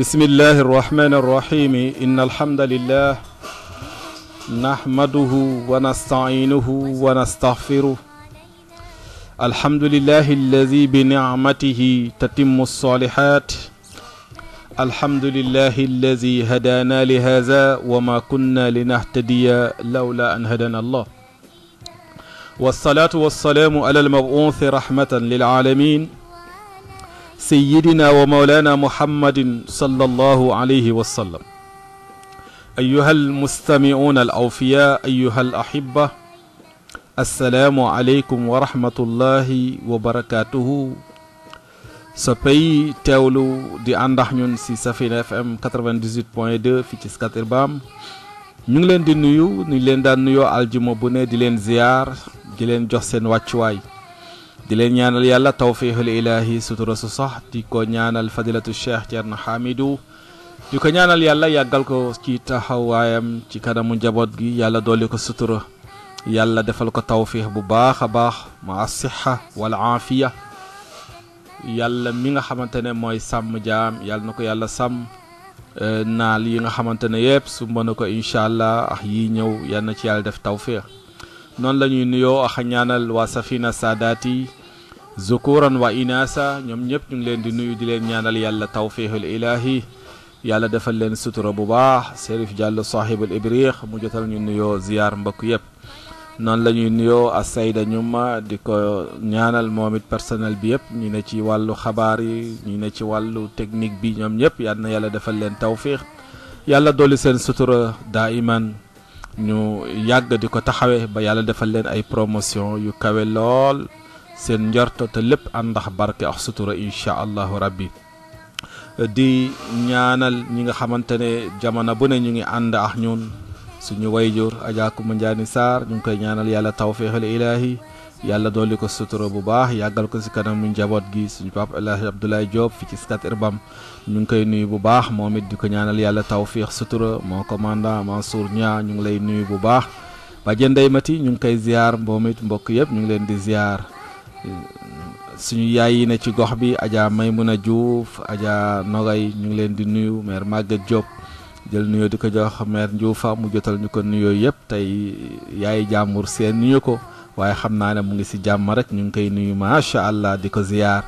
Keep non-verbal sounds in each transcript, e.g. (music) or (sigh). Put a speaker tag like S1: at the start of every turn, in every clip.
S1: بسم الله الرحمن الرحيم إن الحمد لله نحمده ونستعينه ونستغفره الحمد لله الذي بنعمته تتم الصالحات الحمد لله الذي هدانا لهذا وما كنا لنهتدي لولا أن هدانا الله والصلاة والسلام على المبعوث رحمة للعالمين سيدنا ومولانا محمد صلى الله عليه وسلم أيها المستمعون الأوفياء أيها الأحبة السلام عليكم ورحمة الله وبركاته سبي تولو دي عندح نون سي FM 98.2 في تسكاتر بام نون لين نيو نون لين نيو الجمو بني دي لين زيار دي لين جوسين واتشواي di leen ñaanal yàlla tawfiixul ilaahi sutura su sax di ko ñaanal fadilatu cheikh Thierno Hamidou di ko ñaanal yàlla yàggal ko ci taxawaayam ci kanamu njaboot gi yàlla dolli ko sutura yàlla defal ko tawfiix bu baax a baax ma sixa wal aafiya yàlla mi nga xamante ne mooy sàmm jaam yàlla na ko yàlla sàmm eh, naal yi nga xamante ne yëpp su mën ko incha allah ak yii ñëw yal ci yàlla def tawfiix noonu la ñuy nuyoo ak ñaanal waa Safina Saadaati zukuran wa inasa ñoom ñëpp ñu ngi leen di nuyu di leen ñaanal yàlla tawfiixul ilahi yàlla defal leen sutura bu baax Serif Diallo sahibul ibriq mu jotal ñu nuyoo ziyaar mbokk yëpp noonu la ñuy nuyoo ak Sayda Ñuma di ko ñaanal moom it personnel bi yëpp ñu ne ci wàllu xabaar yi ñu ne ci wàllu technique bi ñoom ñëpp yal na yàlla defal leen tawfiix yàlla dolli seen sutura daa'iman ñu yàgg di ko taxawee ba yàlla defal leen ay promotion yu kawe lool seen njort te lépp am ndax barke ak sutura incha allahu rabbi di ñaanal ñi nga xamante ne jamono bu ne ñu ngi ànd ak ñun suñu wayjur Adja Coumba Ndiané Sarr ñu ngi koy ñaanal yàlla tawfiixal ilaahi yàlla dolli ko sutura bu baax yàggal ko si kanam kanamu njaboot gi suñu papa El Hadj Abdoulaye Diop fi ci Scat Urbam ñu ngi koy nuyu bu baax moom it di ko ñaanal yàlla tawfiix sutura moo commandant Mansour Nia ñu ngi lay nuyu bu baax. Badiane Ndeye ñu ngi koy ziar mbokk yëpp ñu ngi leen di suñu yaay yi ne ci gox bi may Adja Maymuna Diouf Adja Nogay ñu ngi leen di nuyu maire Maguette Diop jël nuyoo di ko jox maire Ndioufa mu jotal ñu ko nuyoo yëpp tey yaay jàmbur seen nuyu ko waaye xam naa ne mu ngi si jàmm rek ñu ngi koy nuyu macha allah di ko ziyaar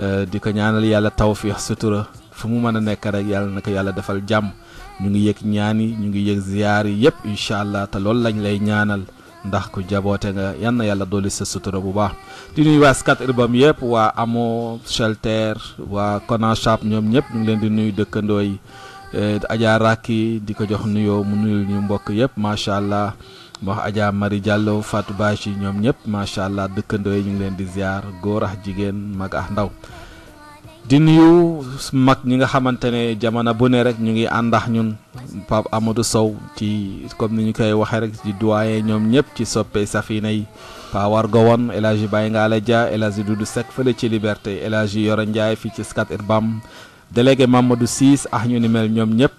S1: euh, di ko ñaanal yàlla tawfiix sutura fu mu mën a nekk rek yàlla na yàlla defal jàmm ñu ngi yëg ñaan yi ñu ngi yëg ziyaar yi yëpp incha allah te loolu lañ lay ñaanal. ndax ku jaboote nga yan yàlla doole sa sutura bu baax di nuyu waa Scat Urbam yëpp waa Amo Shelter waa Konachap ñoom ñëpp ñu ngi leen di nuyu dëkkandoo yi eh, Adja Raki di ko jox nuyoo mu nuyul ñu mbokk yëpp macha allah mu wax Adja Marie Diallo Fatou yi ñoom ñëpp macha allah dëkkandoo yi ñu ngi leen di ziar góor ak jigéen mag ak ndaw. di nuyu mag ñi nga xamante ne jamono bu ne rek ñu ngi ànd ax ñun Pape Amadou Sow ci comme ni ñu koy waxee rek di doyen ñoom ñëpp ci soppe safina yi Pa Wargo Won El Hadji Baye Ngala Dia El Hadji Doudou Seck fële ci Liberté El Hadji Yoro Ndiaye fii ci Scat Urbam délégué du Ciss ah ñu ni mel ñoom ñëpp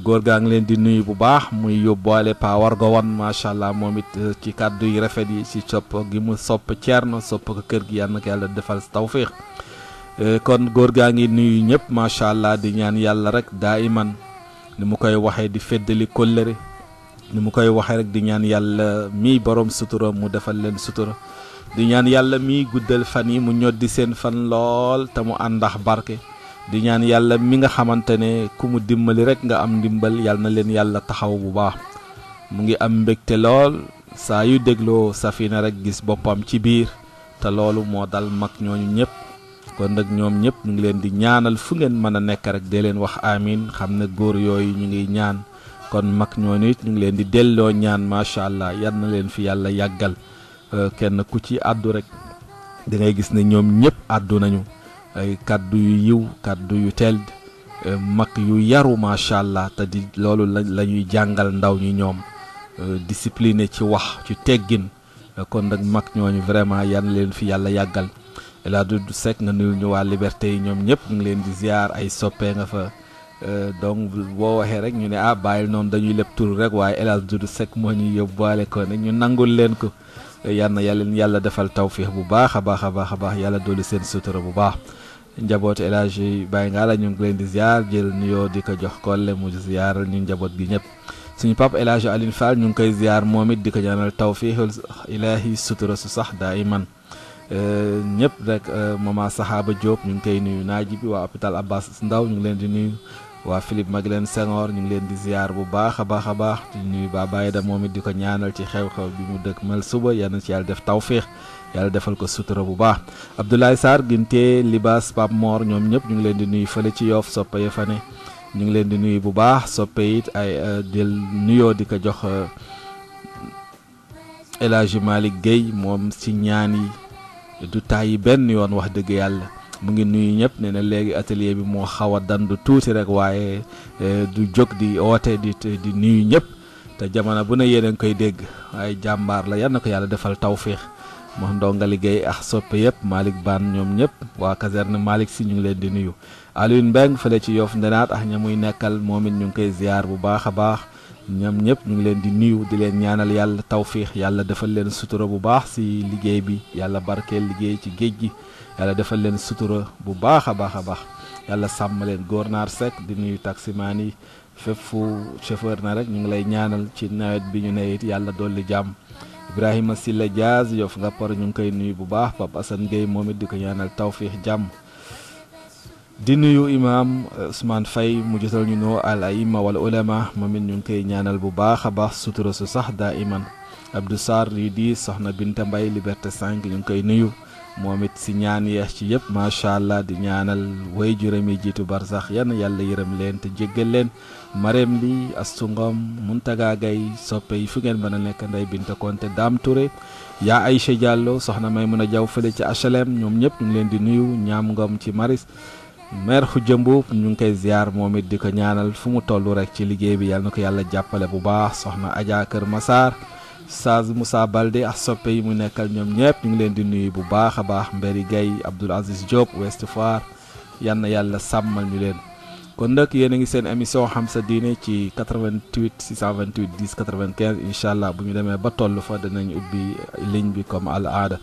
S1: góor gaa ngi leen di nuyu bu baax muy yóbbaale Pa Wargo Won macha allah moom it eh, ci kàddu yi rafet yi ci sopp gi mu sopp Thierno sopp ko kër gi yàlla na ko yàlla defal tawfiq Euh, kon góor gaa ngi nuyu ñëpp macha allah di ñaan yàlla rek daa iman nu mu koy waxee di feddali kóllëre nu mu koy waxee di ñaan yàlla mii borom sutura mu defal leen sutura di ñaan yàlla mii guddal fan yi mu ñoddi seen fan lool te mu àndax barke di ñaan yàlla mi nga xamante ne ku mu dimbali rek nga am ndimbal yàlla na leen yàlla taxaw bu baax mu ngi am mbégte lool saa yu dégloo safina rek gis boppam ci biir te loolu moo dal mag ñooñu ñëpp kon nag ñoom ñëpp ñu ngi leen di ñaanal fu ngeen mën a nekk rek dee leen wax amiin xam ne góor yooyu ñu ngi ñaan kon mag ñooñu it ñu ngi leen di delloo ñaan macha allah yan na leen fi yàlla yàggal euh, kenn ku ci àddu rek dangay gis ne ñoom ñëpp àddu nañu ay kàddu yu yiw kàddu yu teel euh, mag yu yaru macha allah te di loolu la ñuy jàngal ndaw ñu ñoom euh, discipliné ci wax ci teggin kon nag mag ñooñu vraiment yan na leen fi yàlla yàggal. El du Doudou Seck nga nuyu ñu waa Liberté yi ñoom ñëpp ngi leen di ziar ay soppee nga fa euh, donc boo waxee rek ñu ne ah bàyyil noonu dañuy lépp tur rek waaye El du Doudou Seck moo ñuy yóbbuwaale ko nag ñu nangul leen ko euh, yal na yàlla yàlla defal tawfiix bu baax a baax a baax a baax yàlla dolli seen sutura bu baax. njabootu El Hadj Baye la ñu ngi leen di ziar jël nuyoo di ko jox kolle mu ziaral ñu njaboot gi ñëpp suñu papa El Hadj Alioune ñu ngi koy ziar moom di ko ñaanal tawfiixul ilaahi sutura su sax daa iman Euh, ñëpp rek euh, maman saxaaba Diop ñu ngi koy nuyu naaji bi waa hôpital Abbas ndaw ñu ngi leen di nuyu waa Philippe Maguilène Senghor ñu ngi leen di ziar bu baax a baax a baax di nuyu Babaye moom it di ko ñaanal ci xew-xew bi mu dëkk mel suba yal ci yàlla def tawféex yàlla defal ko sutura bu baax Abdoulaye Sarr Ginte Libas Pape Mor ñoom ñëpp ñu ngi leen di nuyu fële ci yoof soppe ya fa ne ñu ngi leen di nuyu bu baax soppe it ay del euh, nuyoo di ko jox El Hadji Malick moom ci ñaan du tàyyi benn yoon wax dëgg yàlla mu ngi nuyu ñëpp ne léegi atelier bi moo xaw a dandu tuuti rek waaye eh, du jóg di oote di di nuyu ñëpp te jamono bu ne yéen a ngi koy dégg waaye jàmbaar la yal na ko yàlla defal tawféex moo nga liggéey ak soppe yëpp Malick Bane ñoom ñëpp waa caserne Malick si ñu ngi leen di nuyu Alioune Mbengue fële ci Yoff Ndenaat ak ña muy nekkal moom it ñu ngi koy ziar bu baax a baax ñoom ñëpp ñu ngi leen di nuyu di leen ñaanal yàlla tawfiix yàlla defal leen sutura bu baax si liggéey bi yàlla barkeel liggéey ci géej gi yàlla defal leen sutura bu baax a baax a baax yàlla sàmm leen naar Seck di nuyu taximaan yi fépp fu chauffeur na rek ñu ngi lay ñaanal ci nawet bi ñu ne it yàlla dolli jàmm Ibrahima Silla Diaz yof nga par ñu ngi koy nuyu bu baax Pape Assane Gueye moom it di ko ñaanal tawfiix jàmm di nuyu imaam eh, Ousmane fay mu jotal ñu noo al aima wala ulama moom ñu ngi koy ñaanal bu baax a baax sutura su sax daa iman Abdou Sarr lii di soxna Binta mbay Liberté 5 ñu ngi koy nuyu moom it si ñaan yeex ci yëpp macha allah di ñaanal wey juram yi jiitu barsax yan yàlla yërëm leen te jéggal leen mareem li astu ngoom Muntaga Gay soppe yi fu ngeen mën a nekk nday Binta Konte daam Touré yaa Aïcha Diallo soxna a Jaw fële ci HLM ñoom ñëpp ñu leen di nuyu ñaam ngoom ci maris maire Khoudia Mboup ñu ngi koy ziar moom it di ko ñaanal fu mu toll rek ci liggéey bi yàlla na ko yàlla jàppale bu baax soxna Adja Kër Massar Saaz Moussa Balde ak soppe yi mu nekkal ñoom ñëpp ñu ngi leen di nuyu bu baax a baax Mbéri Guèye Abdoul Aziz Diop Ouest Foire yal na yàlla sàmmal ñu leen. kon nag yéen a ngi seen émission xam sa diine ci 88 628 10 95 incha allah bu ñu demee ba toll fa danañ ubbi ligne bi comme al aada.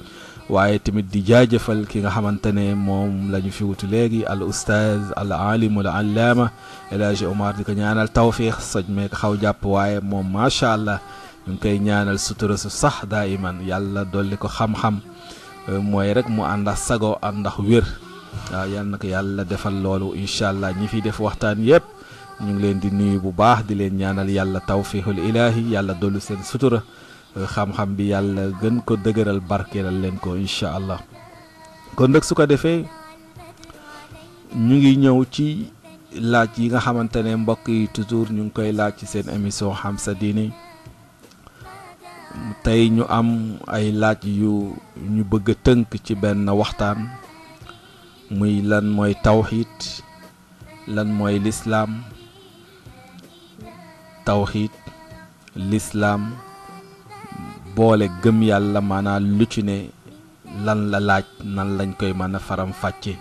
S1: waaye tamit di jaajëfal ki nga xamante ne moom la ñu fi wutu léegi al oustaz al alim al allama El Hadj Omar di ko ñaanal tawfiix soj mee xaw jàpp waaye moom macha allah ñu ngi koy ñaanal sutura su sax daa yàlla dolli ko xam-xam mooy rek mu àndax sago àndax wér waaw yal na ko yàlla defal loolu incha allah ñi fi def waxtaan yépp ñu ngi leen di nuyu bu baax di leen ñaanal yàlla tawfiixul ilahi yàlla dolli seen sutura xam-xam bi yàlla gën ko dëgëral barkeelal leen ko incha allah kon nag su ko defee ñu ngi ñëw ci laaj yi nga xamante ne mbokk yi toujours ñu ngi koy laaj ci seen émission xam sa diini tey ñu am ay laaj yu ñu bëgg tënk ci benn waxtaan muy lan mooy tawxiid lan mooy lislaam tawxiid lislaam boole gëm yàlla maanaam lu ci ne lan la laaj nan lañ koy mën a faram fàccee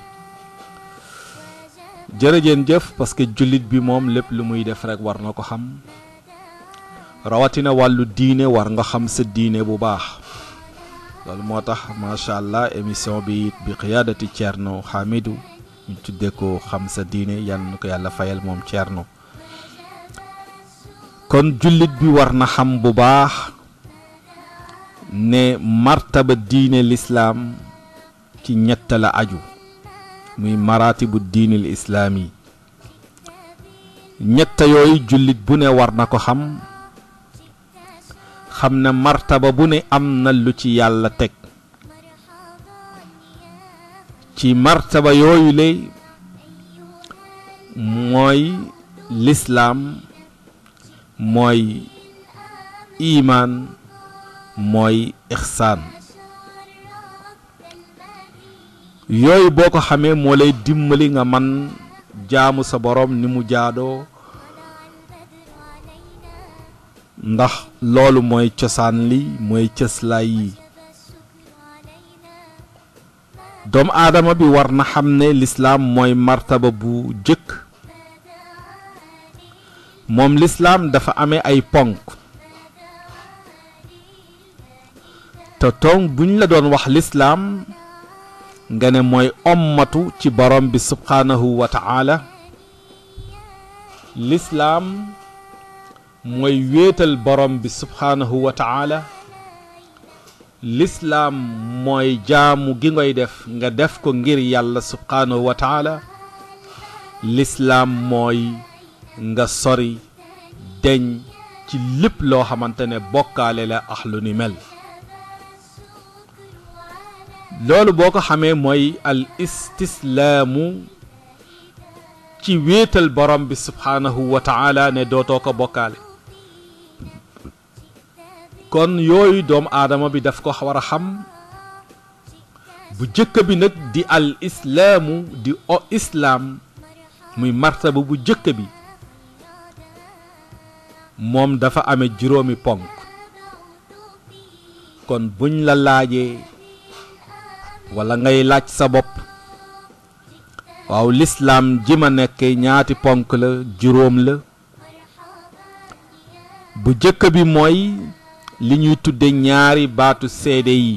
S1: jërëjeen jëf parce que jullit bi moom lépp lu muy def rekk war na ko xam rawatina wàllu diine war nga xam sa diine bu baax loolu moo tax macha allah émission bi it bi xiyaadati Thierno Hamidou ñu tuddee ko xam sa diine yal na ko yàlla fayal moom Thierno kon jullit bi war na xam bu baax ne martaba diine lislaam ci ñett la aju muy maratibu diinil islaam yi ñett yooyu jullit bu ne war na ko xam xam ne martaba bu ne am na lu ci yàlla teg ci martaba yooyu lay mooy lislaam mooy imaan mooy ixsaan yooyu boo ko xamee moo lay dimbali nga man jaamu sa boroom ni mu jaadoo ndax loolu mooy cosaan li mooy cëslaay yi doomu aadama bi war na xam ne lislaam mooy martaba bu jëkk moom lislaam dafa ame ay ponk te tong buñ la doon wax l'islam nga ne mooy ommatu ci borom bi subhanahu wa taala l'islam mooy wéetal borom bi subhanahu wa taala l'islam mooy jaamu gi ngoy def nga def ko ngir yàlla subhanahu wa taala l'islam mooy nga sori deñ ci lépp loo xamante ne bokkaale la ax ni mel loolu boo ko xamee mooy al istislaamu ci wéetal boroom bi subhaanahu wa taala ne ko bokkaale kon yooyu doomu aadama bi daf ko war a xam bu jëkk bi nag di al islaamu di o islaam muy martaba bu jëkk bi moom dafa ame juróomi ponk kon buñ la laajee wala ngay laaj sa bopp waaw lislaam ji ma nekk ñaati ponk la juróom la bu jëkk bi mooy li ñuy tudde ñaari baatu seede yi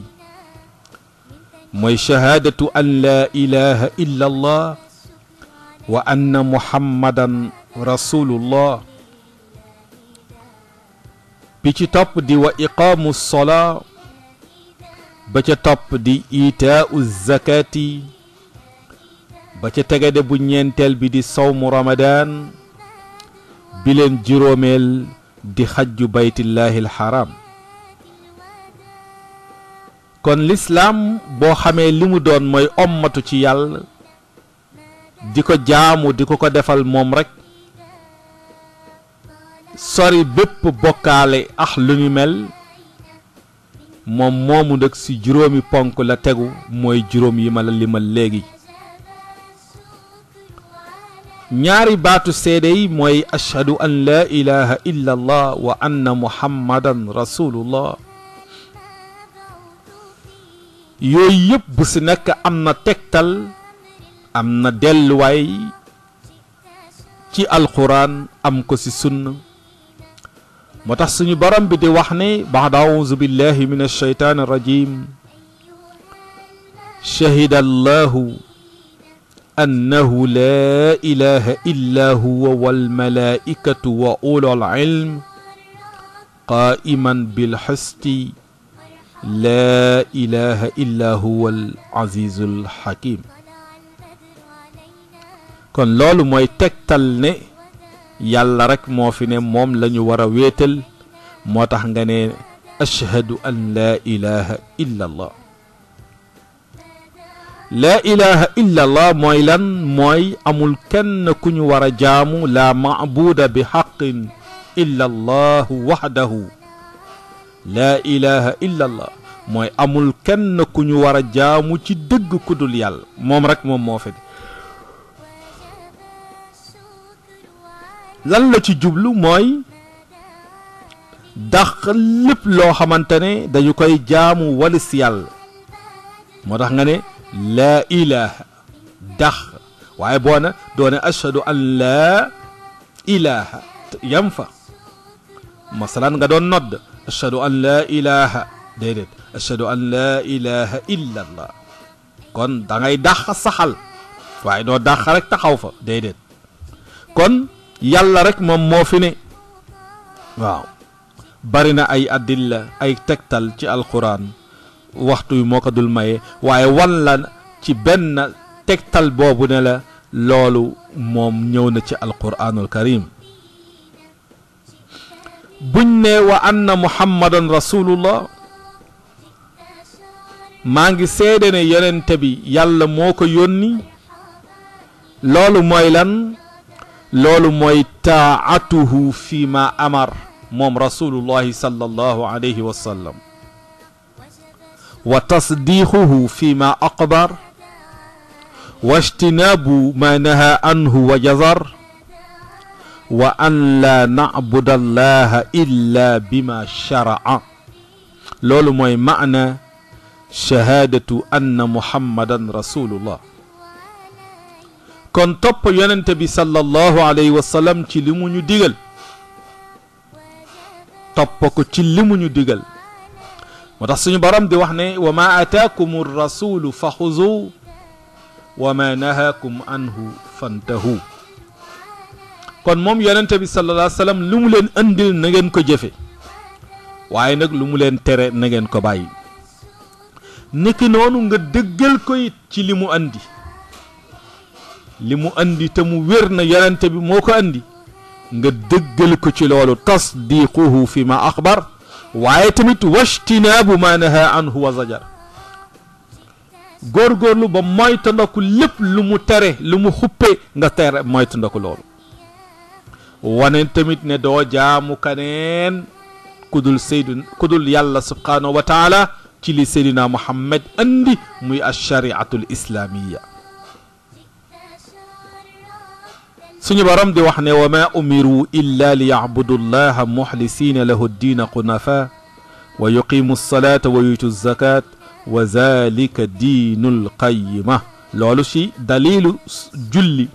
S1: mooy shahaadatu an laa ilaha illa allah wa anna muhammadan rasulullah bi ci topp di wa iqaamu solaa ba ca topp di itaau zakati ba ca tegade bu ñeenteel bi di sawmu ramadaan bi leen juróomeel di xajju baytillahi alxaram kon lislaam boo xamee li mu doon mooy ommatu ci yàlla di ko jaamu di ko ko defal moom rekk sori bépp bokkaale ax lu ñu mel moom moomu nag ci juróomi ponk la tegu mooy juróom yi ma la limal léegi ñaari baatu seede yi mooy ashhadu an laa ilaha illa allah wa anna muhammadan rasulullah yooyu yëpp bu ci nekk am na tegtal am na delluwaay ci alxuraan am ko ci sunn motax suñu borom bi di wax ne baada auzu billahi min alcheytaan rajim shahida allahu أنه لا إله إلا هو والملائكة وأولو العلم قائما بالحسط لا إله إلا هو العزيز الحكيم كن لولو موي تكتل yàlla rek moo fi ne moom la ñu war a wéetal moo tax nga ne ashhadu an laa ilaha illa allah laa ilaha illa allah mooy lan mooy amul kenn ku ñu war a jaamu laa maabuuda bi xaqin illa allahu waxdahu laa ilaha illa allah mooy amul kenn ku ñu war a jaamu ci dëgg ku dul yàlla moom rek moom moo fi ne lan la ci jublu mooy dàq lépp loo xamante ne dañu koy jaamu walis yàlla moo tax nga ne laa ilaha waaye boona na doone ashhadu an laa ilaha yam fa masalan nga doon nodd ashhadu an laa ilaha déedéet ashhadu kon dangay ngay saxal waaye doo dàq rek taxaw fa déedéet kon yàlla rek moom moo fi ne waaw bari na ay adilla ay tektal ci alquran waxtu yu moo ko dul maye waaye wan la ci benn tegtal boobu ne la loolu moom ñëw na ci alquranul karim buñ ne wa anna muhammadan rasulullah maa ngi seede ne yonente bi yàlla moo ko yónni loolu mooy lan لول ميتا عتوه فيما أمر مم رسول الله صلى الله عليه وسلم وتصديقه فيما أقبر واجتناب ما نهى عنه وجزر وأن لا نعبد الله إلا بما شرع لول معنى شهادة أن محمدا رسول الله kon top yonent bi sallallahu alayhi wa sallam ci limu ñu digal top ko ci limu ñu digal motax suñu borom di wax ne wa ma ataakum rasulu fa xuzu wa ma nahaakum anhu fantahu kon mom yonent bi sallallahu alayhi wa sallam lu mu andil na ngeen ko jëfe waye nak limu len tere na ngeen ko bàyyi niki nonu nga dëggal ko ci limu mu andi limu andi te mu wér na yonente bi moo ko andi nga dëggal ko ci loolu tasdiquhu fi ma akhbar waaye tamit wajtinaabu ma naha anhu wa zajar góorgóorlu ba moytandaku lépp lu mu tere lu mu xuppe nga tere moytandaku loolu wane tamit ne doo jaamu kaneen kudul saydu kudul yàlla subhanahu wa taala ci li seydina muhammad andi muy alshariatu alislamiya سني برام دي وحنا وما أمروا إلا ليعبدوا الله محلسين له الدين قنفا ويقيموا الصلاة ويؤتوا الزكاة وذلك دين القيمة لولوشي دليل جلي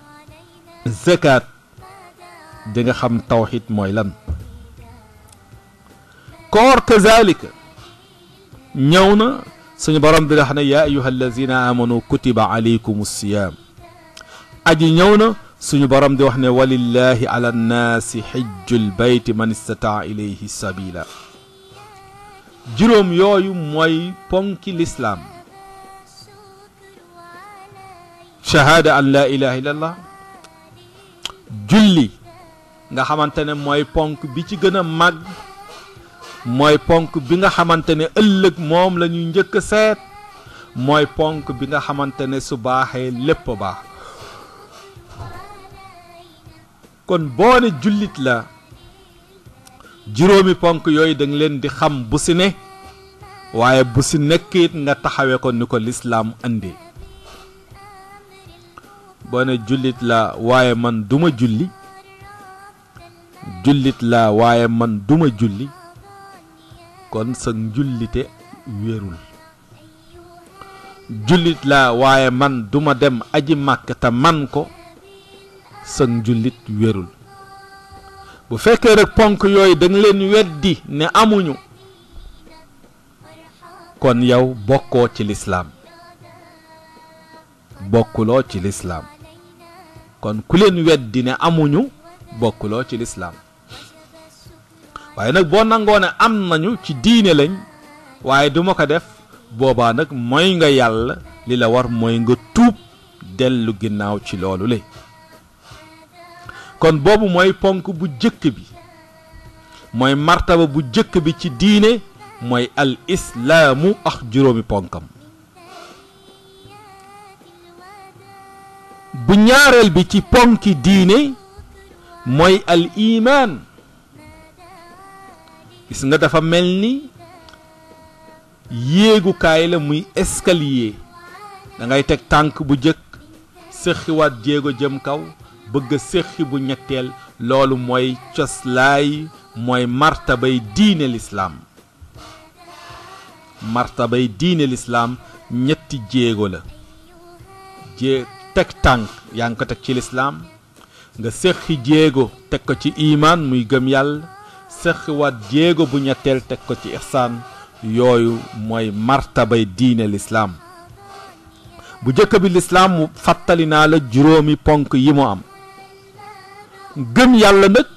S1: الزكاة دينا خم توحيد مويلان كور كذلك نيونا سني برام دي يا أيها الذين آمنوا كتب عليكم الصيام أجي نيونا suñu borom di wax ne walillahi ala nnaasi xijjul bayti man istataa ilayhi sabila juróom yooyu mooy ponki lislaam shahada an la ilaha illallah julli nga xamante ne mooy ponk bi ci gën a màgg mooy ponk bi nga xamante ne ëllëg moom la ñuy njëkk seet mooy ponk bi nga xamante ne su baaxee lépp baax kon boo ne jullit la juróomi ponk yooyu da leen di xam bu si ne waaye bu si nekk it nga taxawee ko ni ko lislaam andi boo ne jullit la waaye man duma julli jullit la waaye man duma julli kon sa njullite wérul jullit la waaye man duma dem aji màkk te man ko sën njulit wérul bu fekkee rek ponk yooyu da nga leen weddi ne amuñu kon yow bokkoo ci lislaam bokkuloo ci lislaam kon ku leen weddi ne amuñu bokkuloo ci lislaam waaye nag boo nangoo ne am nañu ci diine lañ waaye duma ko def boobaa nag mooy nga yàlla li la war mooy nga tuub dellu ginnaaw ci loolu le kon boobu mooy ponk bu jëkk bi mooy martaba bu jëkk bi ci diine mooy al islaamu ak juróomi ponkam bu ñaareel bi ci ponki diine mooy al imaan gis nga dafa mel ni yéegukaay la muy escalier dangay teg tànk bu jëkk sëxiwaat jéego jëm kaw bëgg a bu ñetteel loolu mooy coslaay mooy martabay diine lislaam martabay diine lislaam ñetti jéego la jée teg tànk yaa ngi ko teg ci lislaam nga séqi jéego teg ko ci imaan muy gëm yàlla séqiwaat jéego bu ñetteel teg ko ci ixsaan yooyu mooy martabay diine lislaam bu jëkk bi lislaam fàttali naa la juróomi ponk yi mu am gëm yàlla nag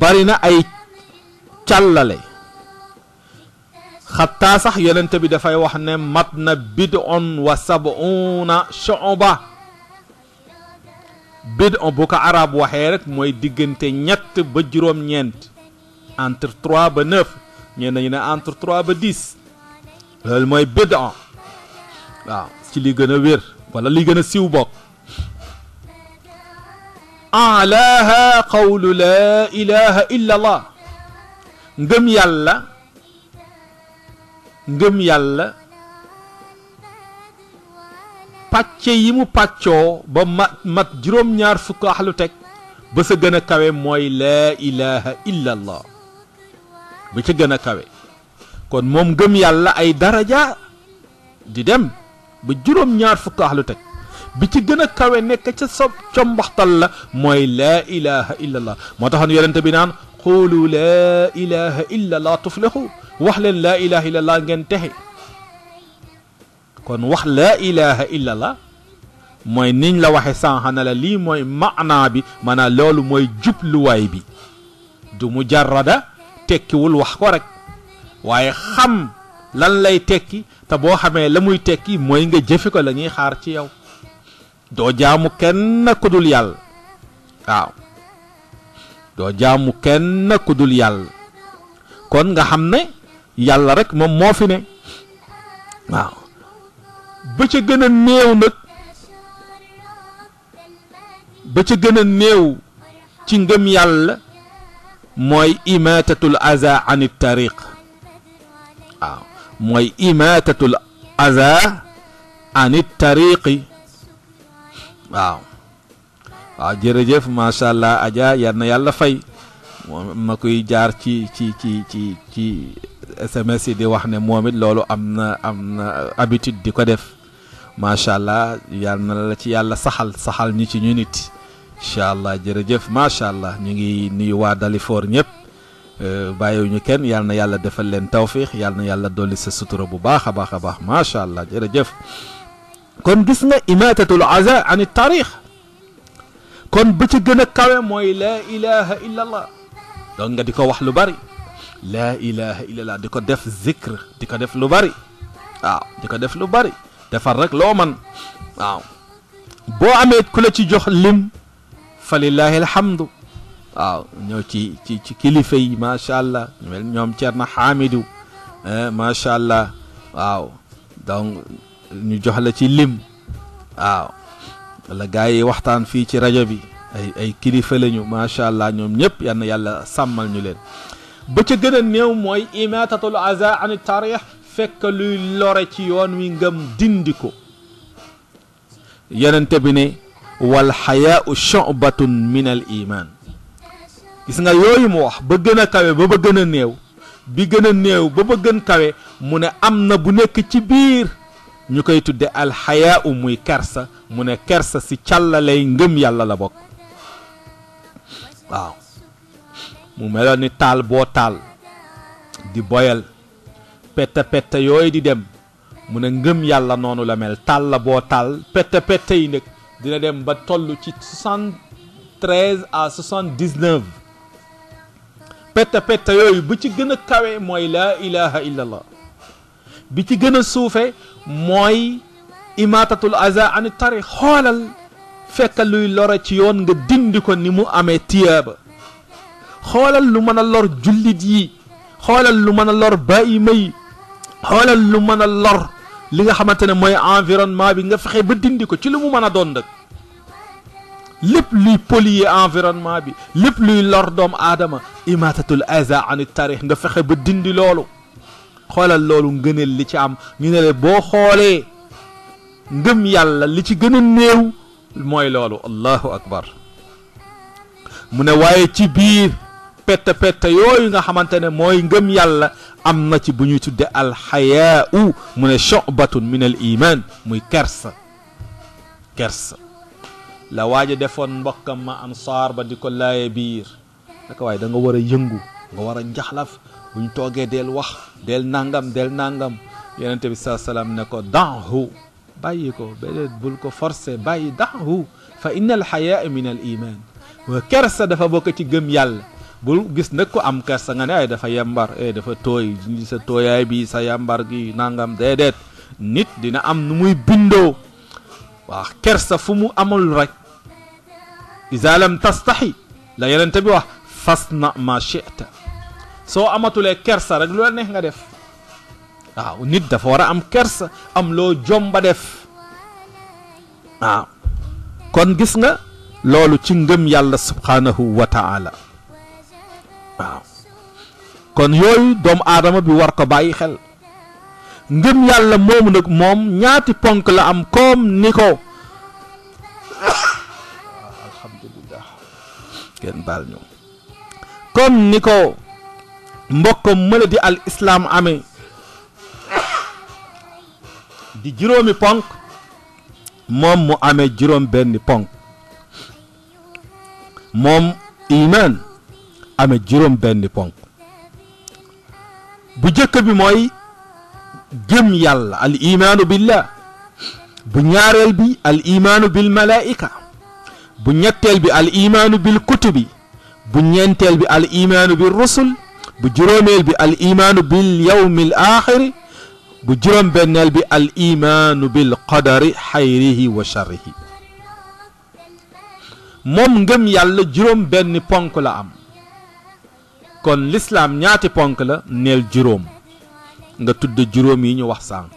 S1: bari na ay càllale xattaa sax yonent bi dafay wax ne mat na bidon wa sabuna shu'ba bidon bu ko arab waxee rek mooy diggante ñett ba juróom-ñeent entre trois ba neuf ñeen nañu ne entre trois ba dix loolu mooy bidon waaw ci li gën a wér wala li gën a siw bokk أعلاها قول لا إله إلا الله ngëm yàlla ngëm yàlla pàcce yi mu pàccoo ba mat mat juróom-ñaar fukk ax lu teg ba sa gën a kawe mooy laa ilaha illa allah ba ca gën a kawe kon moom ngëm yàlla ay daraja di dem ba juróom-ñaar fukk ax lu teg bi ci gën a kawe nekk ca sa ca mbaxtal la mooy laa ilaha illa allah moo taxoon yonente bi naan qulu laa ilaha illa allah tuflixu wax leen laa ilaha illa allah ngeen texe kon wax laa ilaha illa allah mooy niñ la waxe sànxana la lii mooy maanaa bi maanaam loolu mooy jubluwaay bi du mujarrada tekkiwul wax ko rek waaye xam lan lay tekki te boo xamee la muy tekki mooy nga jëfe ko la ñuy xaar ci yow doo jaamu kenn ku dul yàlla waaw doo jaamu kenn ku dul yàlla kon nga xam ne yàlla rek moom moo fi ne waaw ba ca gën a néew ci ngëm yàlla mooy imaatatul aza an tariq waaw mooy imaatatul aza an tariqi waaw waaw jërëjëf macha allah Adja yal na yàlla fay ma koy jaar ci ci ci ci ci SMS yi di wax ne moom it loolu am na am na habitude di ko def macha allah yal na la ci yàlla saxal saxal ñi ci ñu nit incha allah jërëjëf macha allah ñu ngi nuyu waa dali Dalifor ñëpp euh, bàyyiwuñu kenn yal na yàlla defal leen tawfiix yal na yàlla dolli sa sutura bu baax a baax a baax macha allah jërëjëf. kon gis nga imatatul aza an tarix kon ba ci gën a kawe mooy laa ilaha illa allah donc nga di ko wax lu bari laa ilaha illa allah di ko def zikr di ko def lu bari waaw di ko def lu bari defar rek loo man waaw boo amee ku la ci jox lim fa lillahi alhamdu waaw ñëw ci ci ci kilifa yi macha allah ñoom Thierno Hamidou macha allah waaw donc ñu jox la ci lim waaw wala gars yi waxtaan fii ci rajo bi ay ay kilifa lañu macha allah ñoom ñëpp yal na yàlla sàmmal ñu leen ba ca gën a néew mooy imatatul aza an taarix fekk luy lore ci yoon wi ngëm dindi ko yonente bi ne wal xayaau shubatun min al gis nga yooyu mu wax ba gën a kawe ba ba gën a néew bi gën a ba ba gën kawe mu ne am na bu nekk ci biir ñu koy tudde alxayaa umuy kersa mu ne kersa ci càllalay ngëm yàlla la bokk waaw mu meloon ni taal boo taal di boyal petta petta yooyu di dem mu ne ngëm yàlla noonu la mel taal la boo taal petta petta yi nag dina dem ba toll ci soixante treize à soixante dix neuf petta yooyu bu ci gën a kawe mooy laa ilaha illallah bi ci gën a suufe mooy imaatatul aza ani tari xoolal fekk luy lore ci yoon nga dindi ko ni mu amee tiyaaba xoolal lu mën a lor jullit yi xoolal lu mën a lor bàyyima yi xoolal lu mën a lor li nga xamante ne mooy environnement bi nga fexe ba dindi ko ci lu mu mën a doon dëkk lépp luy polluer environnement bi lépp luy lor doomu aadama imaatatul aza ani tarix nga fexe ba dindi loolu xolal loolu ngëneel li ci am ñu ne le boo xoolee ngëm yàlla li ci gën a néew mooy loolu allahu akbar mu ne waaye ci biir pette pette yooyu nga xamante ne mooy ngëm yàlla am na ci bu ñuy tudde alxayaau mu ne chobatun min al iman muy kers kers la waaja defoon mbokkam ma ansaar ba di ko laaye biir naka waaye da nga war a yëngu nga war a njaxlaf buñ ñu toogee del wax del nangam del nangam yonente bi saa salaam ne ko dahu bàyyi ko déedéet bul ko forcé bàyyi dahu fa inna al min al iman wa kersa dafa bokk ci gëm yàlla bul gis nag ko am kersa nga ne ay dafa yambar e dafa tooy sa tooyaay bi sa yambar gi nangam déedéet nit dina am nu muy bindoo waa kersa fu mu amul rek ida lam tastaxi la yonente bi wax fasna ma chita soo amatulee kersa rek lu la neex nga def waaw nit dafa war a am kersa am loo jomba def kon gis nga loolu ci ngëm yàlla subhaanahu wa taala kon yooyu doomu aadama bi war ko bàyyi xel ngëm yàlla moomu nag moom ñaati ponk la am comme ko ni ko (coughs) mbokkam mëla di al islaam amee di juróomi ponk moom mu amee juróom benn ponk moom iman amee juróom benn ponk bu jëkk bi mooy jëm yàlla al imaanu billah bu ñaareel bi al imaanu bil bu ñetteel bi al imaanu bil kutubi bu ñeenteel bi al imaanu bil bu juróomeel bi al imaanu bil yawmil aaxiri bu juróom benneel bi al imaanu bil qadari xayrihi wa sharrihi moom ngëm yàlla juróom benn ponk la am kon lislaam ñaati ponk la neel juróom nga tudd juróom yi ñu wax sànq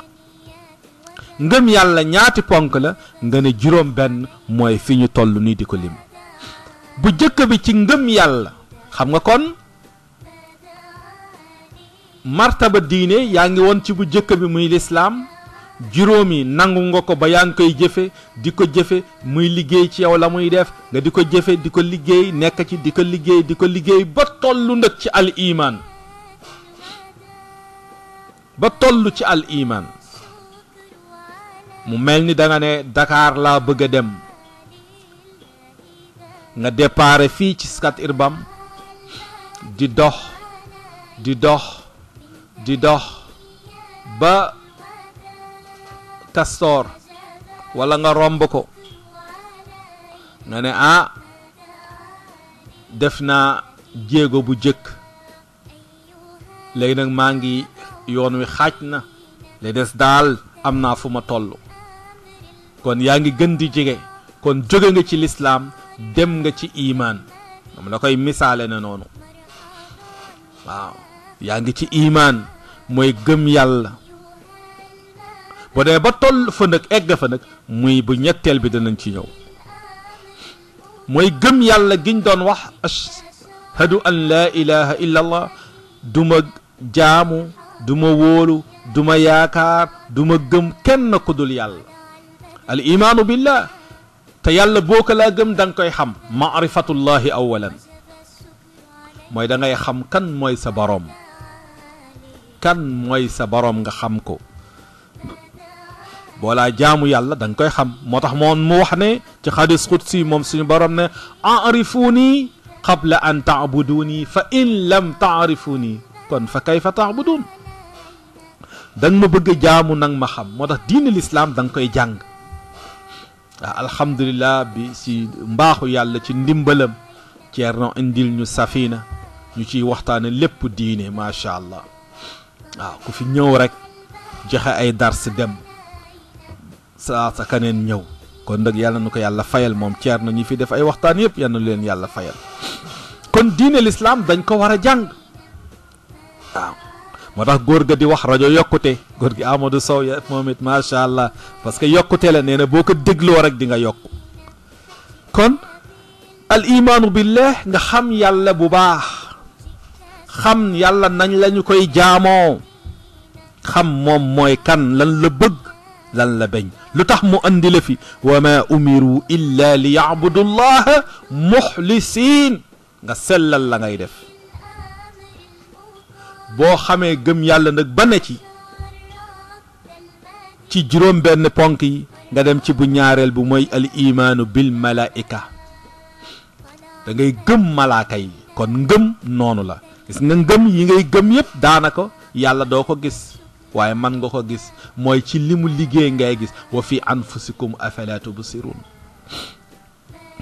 S1: ngëm yàlla ñaati ponk la nga ne juróom benn mooy fi ñu toll nii di ko lim bu jëkk bi ci ngëm yàlla xam nga kon martaba diine yaa ngi woon ci bu jëkk bi muy lislaam juróomi nangu nga ko ba yaa ngi koy jëfe di ko jëfe muy liggéey ci yow la muy def nga di ko jëfe di ko liggéey nekk ci di ko liggéey di ko liggéey ba tollu nag ci al imaan ba toll ci al mu mel ni danga ne Dakar laa bëgg a dem nga déparé fii ci Scat Urbam di dox di dox di dox ba kastoor walla nga romb ko nga ne ah def naa jéego bu jëkk léegi nag maa ngi yoon wi xaaj na li des daal am naa fu ma tollu kon yaa ngi gën di jege kon jóge nga ci lislaam dem nga ci imaan moom la koy misaale na noonu waaw yaa ngi ci imaan mooy gëm yàlla bu dee ba toll fa nag egg fa nag muy bu ñetteel bi danañ ci ñëw mooy gëm yàlla giñ doon wax ashhadu an laa ilaha illa allah duma jaamu duma wóolu duma yaakaar duma gëm kenn ku dul yàlla al imaanu billah te yàlla boo ko laa gëm da nga koy xam maarifatullahi awalan mooy da ngay xam kan mooy sa borom kan moy sa borom nga xam ko bo la jaamu yàlla dang koy xam motax mon mu wax ne ci hadith qudsi mom suñu borom ne arifuni qabla an ta'buduni fa in lam ta'rifuni kon fa kayfa ta'budun dang ma bëgg jaamu nang ma xam motax diin l'islam dang koy jàng alhamdullilah bi si mbaxu yàlla ci ndimbalam ceerno indil ñu safina ñu ci waxtaane lépp diine ma sha allah waaw ku fi ñëw rek joxe ay dar si dem saa sa kaneen ñëw kon nag yàlla na ko yàlla fayal moom ceer na ñu fi def ay waxtaan yëpp yal na leen yàlla fayal kon diine lislaam dañ ko war a jàng waaw moo tax góor ga di wax rajo yokkute góor gi Amadou Sow ya moom it macha allah parce que yokkute la nee na boo ko dégloo rek di nga yokku kon al imaanu billah nga xam yàlla bu baax xam yàlla nañ lañu koy jaamoo xam moom mooy kan lan la bëgg lan la beñ lu tax mu andi la fi wa ma umiru illa li yabudu llaha muxlisiin nga sellal la ngay def boo xamee gëm yàlla nag ba ne ci ci juróom benn ponk yi nga dem ci bu ñaareel bu mooy al imaanu bil malaika da ngay gëm malaaka yi kon ngëm noonu la gis nga ngëm yi ngay gëm yëpp daanaka yàlla doo ko gis waaye man nga ko gis mooy ci li liggéey ngay gis wa fi anfusikum afala tubsirun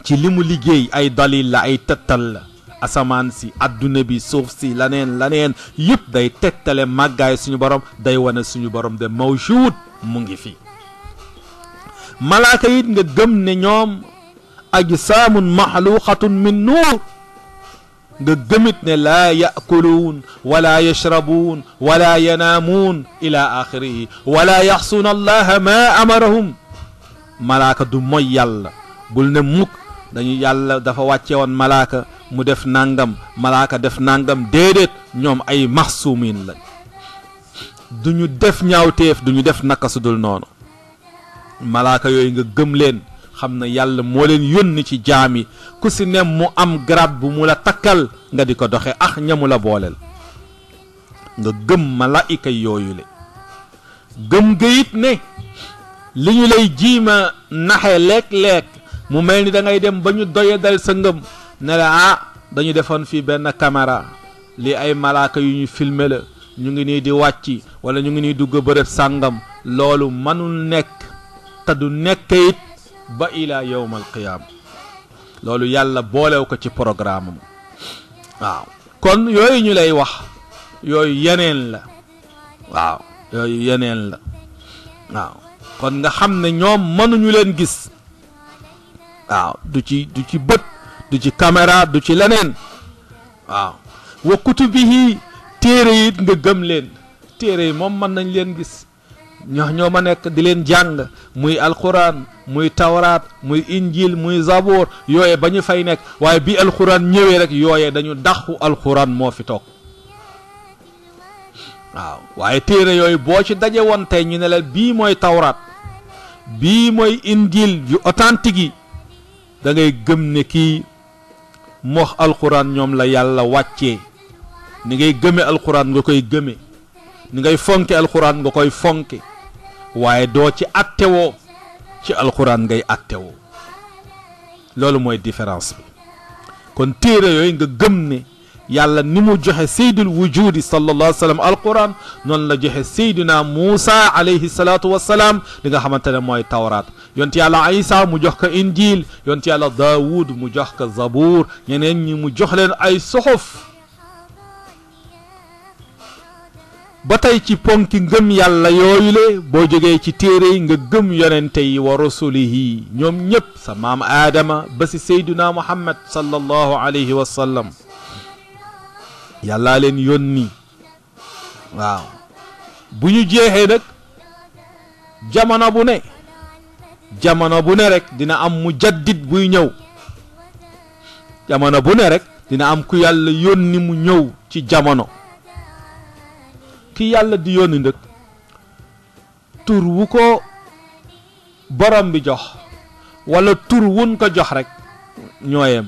S1: ci li mu liggéey ay dalil la ay tettal la asamaan si àdduna bi suuf si laneen laneen yépp day tettale màggaay suñu boroom day wane suñu boroom de mawjuud mu ngi fi malaaka it nga gëm ne ñoom ajsaamun maxluqatun min nuur قدمت لا يأكلون ولا يشربون ولا ينامون إلى آخره ولا يحصون الله ما أمرهم malaaka du moy yàlla bul ne mukk dañu yàlla dafa wàcce woon malaaka mu def nangam malaaka def nangam déedéet ñoom ay maxsuumin lañ duñu def ñaawteef duñu def naka sudul noonu malaaka yooyu nga gëm leen xam na yàlla moo leen yónni ci jaam yi ku si ne mu am garab bu mu la takkal nga di ko doxe ax ñamu la booleel nga gëm malaayika yooyu le gëm ga it ne li ñu lay jiima naxe leeg lekk mu mel ni dangay dem ba ñu doye dal sa ngëm ne ah dañu defoon fi benn caméra li ay malaaka yu ñuy filmer la ñu ngi nii di wàcc wala ñu ngi nii dugg bërëb sàngam loolu mënul nekk te du nekk it ba ila yawm al qiyam lolou yàlla bolew ko ci programme waaw kon yoy ñu lay wax yoy yenen la waaw yoy yenen la waaw kon nga xamne ñom ñoom ñu leen gis waaw du ci du ci beut du ci caméra du ci lenen waaw wa kutubihi téré yi nga gëm leen téré mom moom mën nañ leen gis ñox ñoo ma nekk di leen jàng muy alquran muy tawraat muy injil muy zaboor yooye ba ñu fay nekk waaye bii alxuraan ñëwee rek yooye dañu daxu alquran moo fi toog waaw waaye téere yooyu boo ci daje woon tey ñu ne bii mooy tawraat bii mooy injil yu otantik yi dangay gëm ni kii moox alquran ñoom la yàlla wàccee ni ngay gëme alquran nga koy gëme ni ngay fonke alquran nga koy fonke waye do ci atté wo ci alcorane ngay atté wo lolou moy différence bi kon téré yoy nga gëm ne yàlla nimu joxe sayyidul wujud sallallahu alayhi wasallam alcorane non la joxe sayyidina musa alayhi salatu wassalam li nga xamantene moy tawrat yont yàlla Isa mu jox ko injil yont yàlla daoud mu jox ko zabur ñeneen ñi mu jox len ay suhuf ba tey ci ponki gëm yàlla yooyule boo jógee ci téere yi nga gëm yonente yi wa rusulihi ñoom ñépp sa maam aadama ba si seyduna muhammad sallallahu alayhi wa sallam yàllaa leen yónni waaw bu ñu jeexee nag jamono bu ne jamono bu ne rekk dina am mujaddid buy ñëw jamono bu ne rek dina am ku yàlla yónni mu ñëw ci jamono ki yàlla di yónni nag tur wu ko borom bi jox wala tur wun ko jox rek ñooyam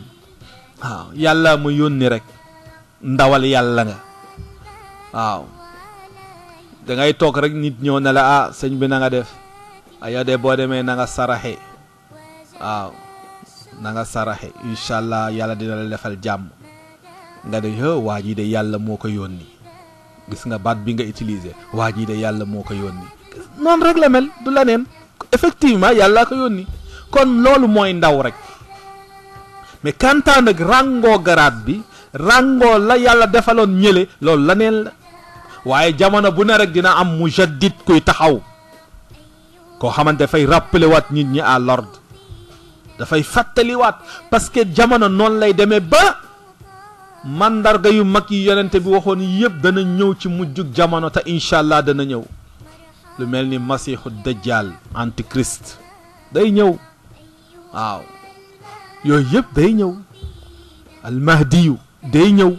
S1: waaw yàlla ma yónni rek ndawal yàlla nga waaw da ngay toog rek nit ñëw ne la ah sëñ bi na nga def ayo de boo demee na nga saraxe waaw na nga saraxe incha allah yàlla dina la defal jàmm nga de waa ji de yàlla moo ko gis nga baat bi nga utiliser waa jii de yàlla moo ko yónni noonu rek la mel du la neen effectivement yàlla ko yónni kon loolu mooy ndaw rek mais kantaa nag ràngoo garaat bi ràngoo la yàlla defaloon ñële loolu la neen la waaye jamono bu ne rek dina am mujaddid kuy taxaw koo xamante fay rappeler waat nit ñi à l'ordre dafay fàttaliwaat parce que jamono noonu lay demee ba màndarga yu mag yi yonente bi waxoon yépp dana ñëw ci mujjug jamono te incha allah dana ñëw lu mel ni masiixu dajjal antichrist day ñëw waaw yooyu yépp day ñëw almahdiyu day ñëw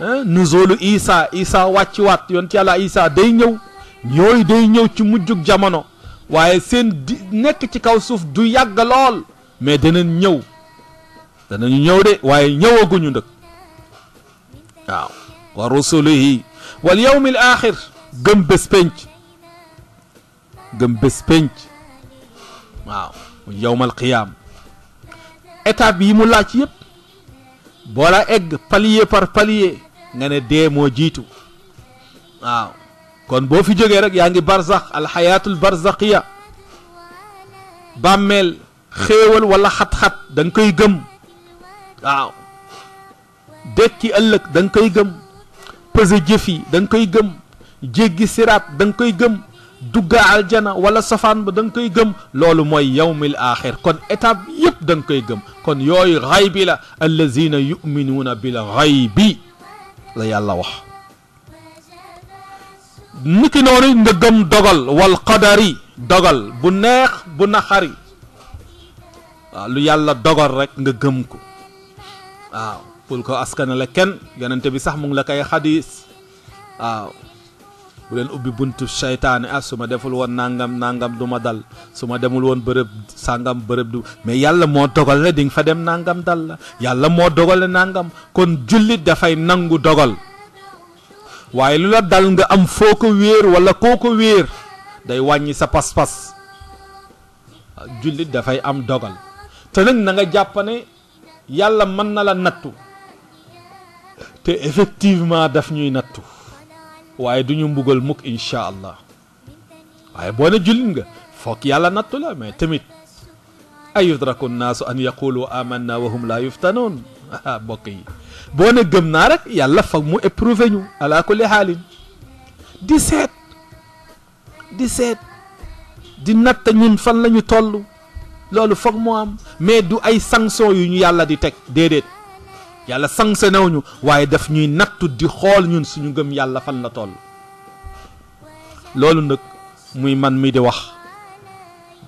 S1: eh, nuzulu isa isa wàcciwaat yonent yàlla isa day ñëw yooyu day ñëw ci mujjug jamono waaye seen di nekk ci kaw suuf du yàgg lool mais danañ ñëw danañ ñëw de waaye ñëwaguñu ndëkk نعم. ورسله واليوم الاخر جم بس جم بس واو يوم القيام اتا بي مولا تي بولا اغ فاليه فار فاليه نانا دي مو جيتو واو كون بو في جوغي رك ياغي برزخ الحياه البرزخيه بامل خيول ولا خط خط دنجكاي گم واو dekki ëllëg dang koy gëm pëse jëfi dang koy gëm jéggi sirat dang koy gëm dugga aljana wala safan ba dang koy gëm loolu mooy yawmil axir kon étape yépp dang koy gëm kon yooyu xay la allazina yu'minuna bil xay la yàlla wax niki noonu nga gëm dogal wal qadari dogal bu neex bu naxari waaw lu yàlla dogal rek nga gëm ko waaw bul ko la kenn yonente bi sax mu ngi la koy xadis waaw bu leen ubbi buntu seytaane ah su ma deful woon nangam nangam du ma dal su ma demul woon bërëb sangam bërëb du mais yàlla moo dogal ne di nga fa dem nangam dal la yàlla moo dogal ne nangam kon jullit dafay nangu dogal waaye lu la dal nga am foo ko wéer wala koo ko wéer day wàññi sa pas-pas jullit dafay am dogal te nag na nga jàpp yàlla mën na la nattu. te effectivement daf ñuy nattu waaye du ñu mbugal mukk incha allah waaye boo ne jullit nga foog yàlla nattu la mais tamit ay yudraku naasu an yaqulu amanna wa hum laa yuftanoon bokk yi gëm naa rek yàlla foog mu éprouvé ñu ala kulli xaalin di seet di seet di natt ñun fan la ñu loolu foog mu am mais du ay sanction yu ñu yàlla di teg déedéet yàlla sanctionné waaye daf ñuy nattu di xool ñun suñu gëm yàlla fan la toll loolu nag muy man mi di wax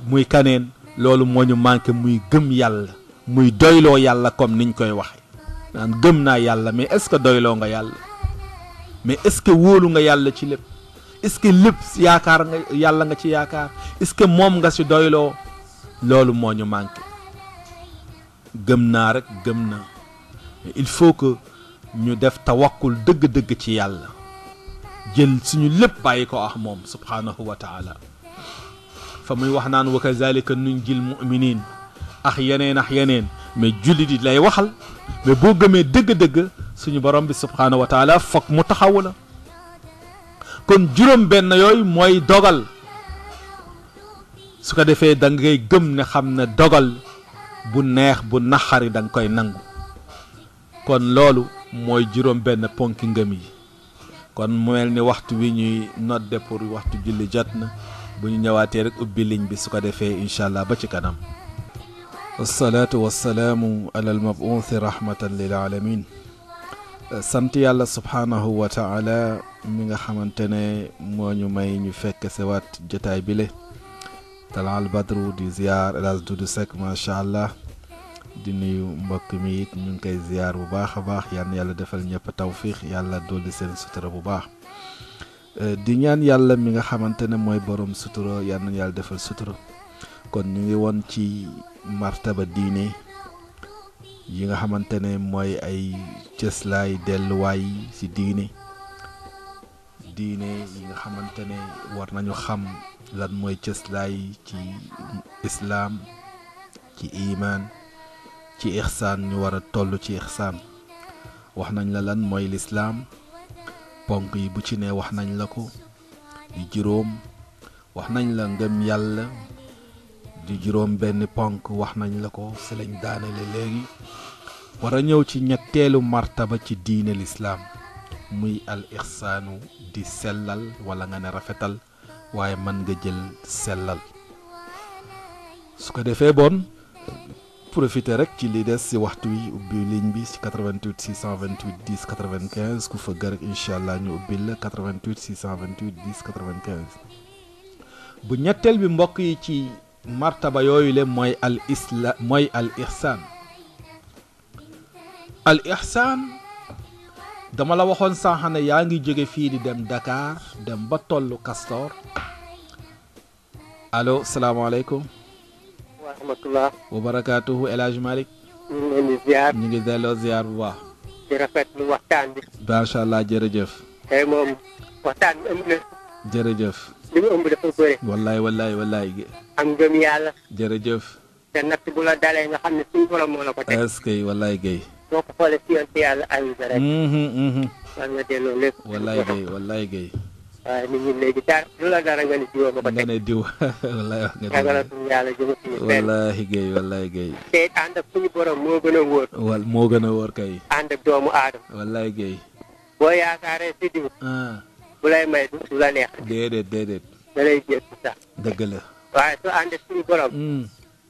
S1: muy kaneen loolu moo ñu manqué muy gëm yàlla muy doyloo yàlla comme niñ koy waxe naan gëm naa yàlla mais est-ce que doyloo nga yàlla mais est-ce que wóolu nga yàlla ci lépp est-ce que lépp yaakaar nga yàlla nga ci yaakaar est-ce que moom nga si doyloo loolu moo ñu manqué gëm naa rek gëm naa il faut que ñu def tawakkul dëgg-dëgg ci yàlla jël suñu lépp bàyyi ko ak moom subhanahu wa taala fa muy wax naan wa kazalika nuñ jil muminin ak yeneen ak yeneen mais julli di lay waxal mais boo gëmee dëgg-dëgg suñu borom bi subhanahu wa taala foog mu taxaw la kon juróom benn yooyu mooy dogal su ko defee da ngay gëm ne xam ne dogal bu neex bu naxari da nga koy nangu kon loolu mooy juróom benn ponk ngëm yi kon mu mel ni waxtu wi ñuy nodde pour waxtu julli jot na bu ñu ñëwaatee rek ubbi ligne bi su ko defee incha allah ba ci kanam الصلاة والسلام على المبعوث رحمة للعالمين sant yàlla subhaanahu wa taala mi nga xamante ne moo ñu may ñu fekk sewaat jotaay bile talaal badru di ziar El Hadj Doudou Seck macha allah di nuyu mbokk mi ñu ngi koy ziar bu baax a baax yal na yàlla defal ñëpp tawfiix yàlla dolli seen sutura bu baax euh, di ñaan yàlla mi nga xamante ne mooy boroom sutura yal na yàlla defal sutura kon ñu ngi woon ci martaba diine yi nga xamante ne mooy ay cëslaay delluwaay ci diine diine yi nga xamante ne war nañu xam lan mooy cëslaay ci islaam ci imaan ci ixsaan ñu war a toll ci ixsaan wax nañ la lan mooy lislaam ponk yi bu ci ne wax nañ la ko di juróom wax nañ la ngëm yàlla di juróom benn ponk wax nañ la ko si lañ daanale léegi wara ñëw ci ñetteelu martaba ci diine lislaam muy al ixsaanu di selal wala nga ne rafetal waaye mën nga jël sellal su ko defee bon profiter rek ci li dess ci waxtu wi ubbi ligne bi ci 88 628 10 95 ku fa gar inshallah ñu ubbi la 88 628 10 95 bu ñettel bi mbokk yi ci martaba yoyu le moy al Islam moy al ihsan al Ihsan. dama la waxoon sànq yaa ngi jóge fii di dem Dakar dem ba tollu Castor allo salaamaaleykum. wa rahmatullah wa barakaatuhu El Hadj Malick ñu
S2: ngi leen di ziar
S1: ñu ngi waxtaan bi macha allah jërëjëf
S2: tey moom waxtaan ëmb na jërëjëf li mu ëmb dafa am ngëm yàlla jërëjëf te natt bu la dalee nga waaye nit ñi léegi daal lu la dara nga ne diw ma ko teg nga
S1: ne diw (laughs) wallaahi wax nga dëgg suñu yàlla
S2: jëm suñu borom moo gën a wóor
S1: moo gën a wóor kay
S2: ànd ak doomu aadama wallaahi géey boo yaakaaree si diw ah. bu lay may la neex la waaye su ànd ak borom hmm.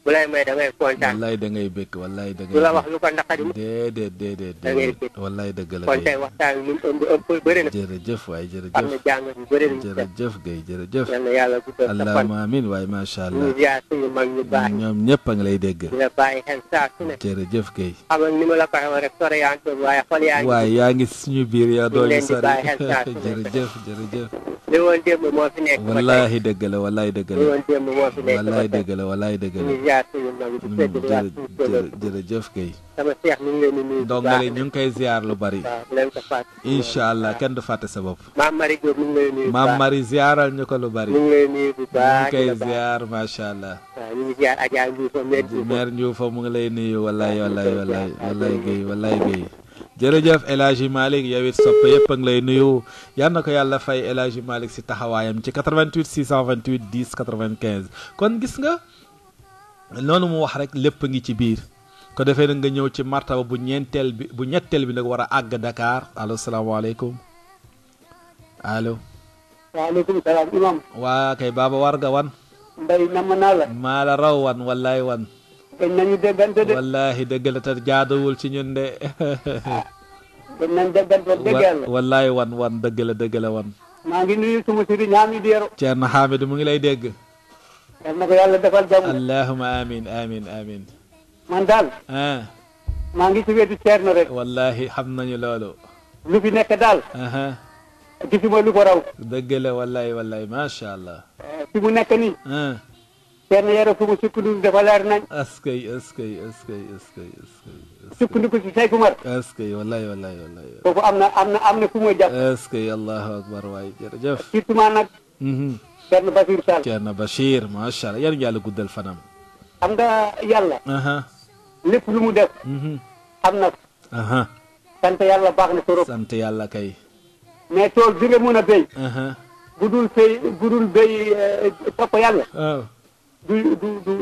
S2: bu lay may da ngay kontaan wallaay da ngay bëgg wallaay da ngay du la wax lu ko naqari mu
S1: déedéet la kon tey
S2: waxtaan bi mu ëmb ëpp bëri na jërëjëf
S1: waay jërëjëf am na jàngat
S2: yu bëri na jërëjëf
S1: gay jërëjëf yal na
S2: yàlla guddal allahumma
S1: amin waay macha allah ñu ñoom ñëpp a ngi lay la bàyyi gay
S2: xamal la ko waxee rek sore yaa ngi toog waaye xol yaa ngi waaye
S1: yaa ngi suñu biir yaa dool ñu sore jërëjëf jërëjëf
S2: li woon démb moo fi nekk wallaahi
S1: dëgg la wallaahi
S2: dëgg
S1: la wallaahi dëgg jërëjëf kay donc nga ñu ngi koy ziar lu bari incha allah kenn du fàtte sa bopp
S2: maam mari
S1: ziaral ñu ko lu bari ñu
S2: ngi koy
S1: ziar macha allah meer Ndioufa mu ngi lay nuyu wallaay wallaay wallaay wallaay géy wallaay géy jërëjëf El Hadji Malick yow lay nuyu yal na ko yàlla fay El Hadji Malick si taxawaayam ci 88 628 10 95 kon gis nga loolu mu wax rek lépp ngi ci biir ko defee nag nga ñëw ci martaba bu ñeenteel bi bu ñetteel bi nag war a àgg Dakar allo salaamaaleykum allo. waaleykum salaam waa kay baaba war nga wan. mbay nam naa la. maa la raw wan wallaay wan. gën nañu déggante de. wallaahi jaaduwul ci ñun de.
S3: gën nañu déggante dëgg
S1: yàlla. wan wan dëgg la dëgg la wan.
S3: maa ngi nuyu suma sëriñ Hamidou
S1: Yero. mu ngi lay dégg. يلا يلا دخل جنبك اللهم امين امين امين man daal ah maa ngi ci wetu Thierno rek wallahi xam nañu loolu lu fi nekk daal aha gisuma lu ko raw dëgg la wallahi wallahi macha allah fi mu nekk nii ah
S3: Thierno yore fu mu sukkandiku dafa leer nañ
S1: askay askay askay askay askay sukkandiku si Cheikh Oumar askay wallahi wallahi wallahi foofu am na am na am na fu muy jàpp askay allahu akbar waay jërëjëf surtout nag Thierno Bachir Sall. Thierno Bachir macha allah yan yàlla guddal fanam. xam nga yàlla. lu mu def. Mhm.
S3: am na ko. sant yàlla baax na trop. sant yàlla kay. mais tool bi nga mën a béy. bu bu dul béy euh, topp yàlla. Oh. du
S1: du du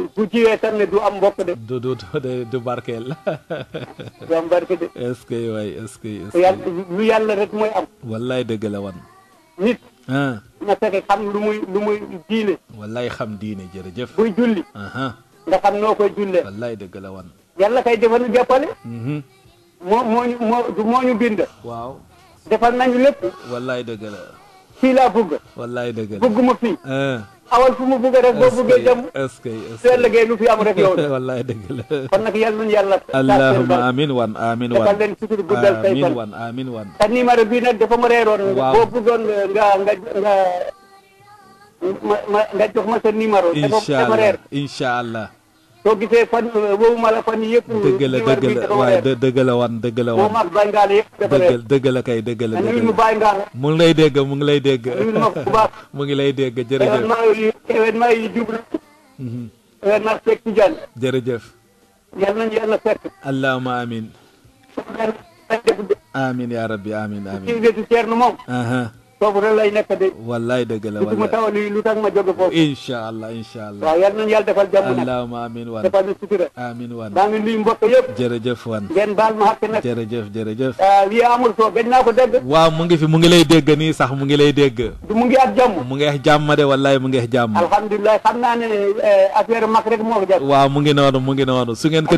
S1: ne du am mbokk de. du du du du (laughs) barke de. est-ce que waay est-ce que. yàlla
S3: lu yàlla rek mooy am.
S1: wallaay dëgg la nit. Ah. na fexe xam lu muy lu muy diine. wallaay xam diine jërëjëf. buy julli. nga xam noo koy jullee. wallaay dëgg la wan. yàlla kay defal ñu jàppale. Mhm.
S3: moo ñu bind. waaw. defal nañu lépp.
S1: wallaay dëgg la. fii laa bëgg. wallaay dëgg la bëgguma fii. Ah.
S3: awal fu mu bugg a def boo buggee jëm
S1: est-ce que seen liggéey lu fi am rek yow la wallaay dëgg la kon
S3: nag yal nañu yàlla allahumma amin
S1: wan amin wan defal leen sutur guddal say fan wan amin wan
S3: sa numéro bii nag dafa ma reeroon boo bëggoon nga nga nga ma nga jox ma sa numéro incha allah
S1: incha allah
S3: soo gisee fan boobu uh, ma la fan yii yëpp. dëgg la dëgg la waaye
S1: dëgg la wan dëgg la wan. moom
S3: Baye Ngale yëpp dëgg
S1: dëgg la kay dëgg la dëgg la mu ngi lay dégg mu ngi lay dégg. (laughs) mu ngi lay dégg jërëjëf.
S3: événement yi jublu.
S1: Mhm. événement Cheikh Tidiane. jërëjëf. yal nañu yàlla fekk. allahumma amiin. amiin yaa rabbi amiin amiin. kii bi Thierno moom. foofu rek lay nekk de. wallaay dëgg la wallaay ma taw lu tax ma jóge foofu. incha allah incha allah. waaw yàlla defal jàmm nag. allahumma amiin wan defal ñu sutura. amiin wan maa ngi nuyu mbokk yëpp. jërëjëf wan. ngeen baal ma xàq nag. jërëjëf jërëjëf. Ah, lii amul soo gëj naa ko dégg. waaw mu ngi fi mu ngi lay dégg nii sax mu ngi lay dégg. mu ngi ak mu ngi ak jàmm de wallaay mu ngi ak jàmm.
S3: alhamdulilah xam naa ne eh, affaire mag moo ko
S1: waaw mu ngi noonu mu ngi noonu su ngeen ko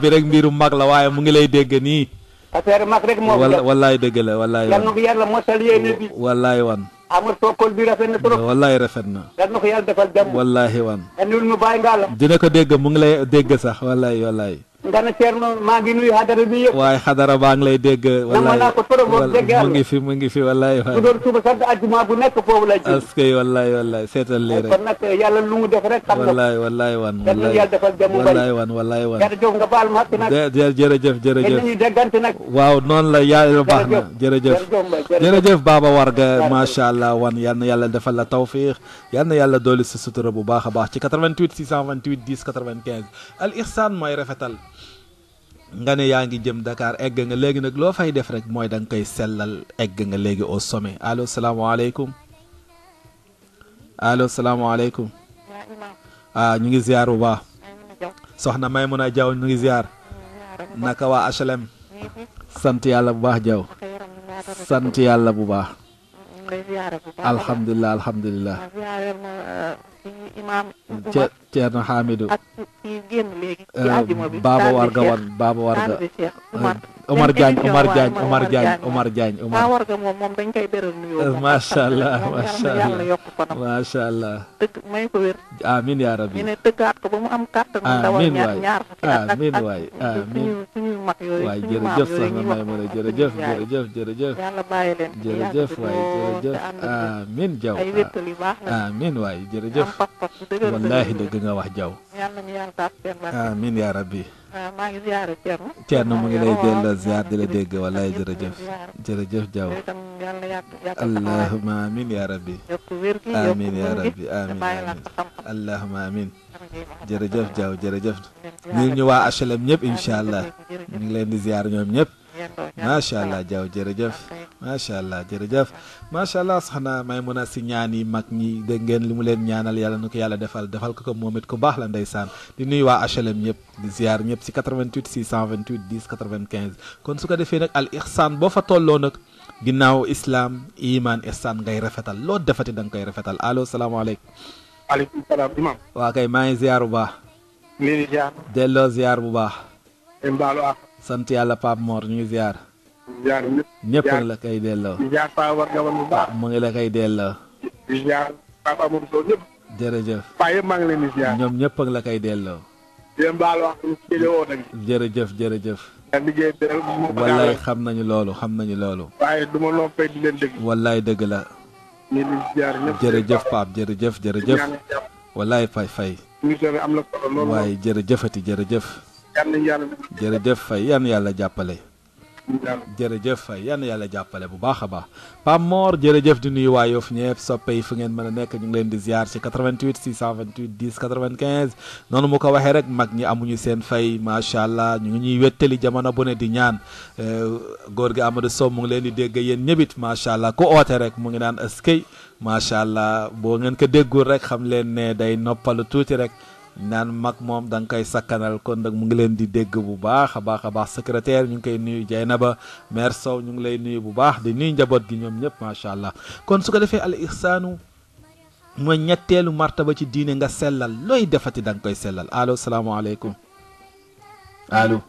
S1: bi rek mbiru mag la waaye mu ngi lay dégg nii
S3: affaire mag rek moo wala
S1: wallaay dëgg la wallaay wan yàlla
S3: yàlla mosal yéene bi
S1: wallaay wan
S3: amul tookol bi rafet na
S1: trop wallaay rafet na
S3: yàlla na ko yàlla defal jàmm
S1: wallaahi wan
S3: anul mu bàyyi nga la
S1: dina ko dégg mu ngi lay dégg sax wallaay wallaay
S3: nga ne Thierno maa ngi nuyu bi yëpp.
S1: waaye xadara baa lay dégg. wallaay naa ngi fi mu ngi fi wallaay. waay bu doon
S3: suba sax ajuma la. ji est-ce
S1: que wallaay wallaay seetal lii rek. kon
S3: yàlla lu mu def rek. xam nga
S1: wallaay wallaay wan. wallaay yàlla defal jàmm bari wallaay wan wallaay wan.
S3: jërëjëf
S1: nga jërëjëf jërëjëf te ñu déggante nag. waaw noonu la yàlla baax na jërëjëf. jërëjëf Baba Warga macha allah wan yal na yàlla defal la tawfiix yal na yàlla dooli sa sutura bu baax a baax ci 88 628 10 95 Al Ihsan mooy rafetal nga ne yaa ngi jëm dakaar egg nga léegi nag loo fay def rek mooy danga koy sellal egg nga léegi au sommet allo salaamaaleykum allo salaamaaleykum ah ñu ngi ziar bu baax soxna Maymuna Jaw ñu ngi ziar naka waa HLM sant yàlla bu baax Jaw sant yàlla bu baax alhamdulilah alhamdulilah ceerno hamidou ak ci ci genn bi baba warga wan ya. eh, baba warga omar diagne eh, omar diagne omar diagne omar diagne omar
S2: warga mom mom dañ
S1: koy beral nuyo ma sha Allah ma sha Allah ma sha Allah
S2: deug may ko wer
S1: amin ya rabbi ene
S2: teugat ko bamu am carte mu dawal ñaar ñaar
S1: amin way amin
S2: suñu mak yoy way jerejeuf sama may
S1: mo jerejeuf jerejeuf jerejeuf
S2: yalla baye len jerejeuf iya, way jerejeuf amin
S1: jaw amin way jerejeuf wallahi deug nga wax rabbi ah, maa ngi mu ngi lay delloo ah, ziar di la dégg wallaay jërëjëf jërëjëf jaw allahuma amiin yaa rabbi amiin yaa rabbi amiin amiin allahuma amiin jërëjëf jaw jërëjëf ñu ñu waa HLM ñëpp incha allah ñu ngi leen di ziar ñoom ñëpp macha allah jaaw jërëjëf macha allah jërëjëf macha allah soxna may mun a si ñaan yi mag ñi dégg ngeen li mu leen ñaanal yàlla nu ko yàlla defal defal ko ko moom it ku baax la ndeysaan di nuyu waa HLM ñëpp di ziar ñëpp si 88 628 10 95 kon su ko defee nag al ihsaan boo fa tolloo ginnaaw islaam iimaan ihsaan ngay rafetal loo defati da nga koy rafetal allo salaamaaleykum. maaleykum salaam imam. waa kay maa ngi ziar bu baax. lii di bu baax. sant yalla pap Mor ñu ziar. ziar ñepp la kay delo ziar pa war nga woon bu baax. mu ngi la kay delo ziar Papa Amadou Sow ñëpp. jërëjëf. Paa yëpp maa ngi leen di ziar. ñoom ñëpp la kay delo dem baal wax jëlewoo nag. jërëjëf jërëjëf. liggéey bi wallahi xam nañu lolu xam nañu loolu. waaye duma ma di leen deug wallahi deug la. ñu ngi ziar ñëpp jërëjëf fay fay. ñu bi am na solo loolu. waaye jërëjëfati jërëjëf. jërëjëf fay yan yàlla jàppale jërëjëf yan yàlla jàppale bu baax a baax Pam moor jërëjëf di nuyu waa Yoff ñëpp soppe yi fu ngeen mën a nekk ñu ngi leen di ziar ci 88 628 10 95 noonu mu ko waxee rek mag ñi amuñu seen fay macha allah ñu ngi ñuy wettali jamono bu ne di ñaan euh, góor gi Amadou Sow mu ngi leen di dégg yéen ñëbit macha allah ku oote rek mu ngi naan askay macha allah boo ngeen ko déggul rek xam leen ne day noppalu tuuti rek naan mag moom danga koy sakkanal kon nag mu ngi leen di dégg bu baax a baax a baax secrétaire ñu ngi koy nuyu Dieynaba maire Sow ñu ngi lay nuyu bu baax di nuy njaboot gi ñoom ñëpp macha allah kon su ko defee al ihsaanu mooy ñetteelu martaba ci diine nga sellal looy defati danga koy sellal alo salaamaaleykum allo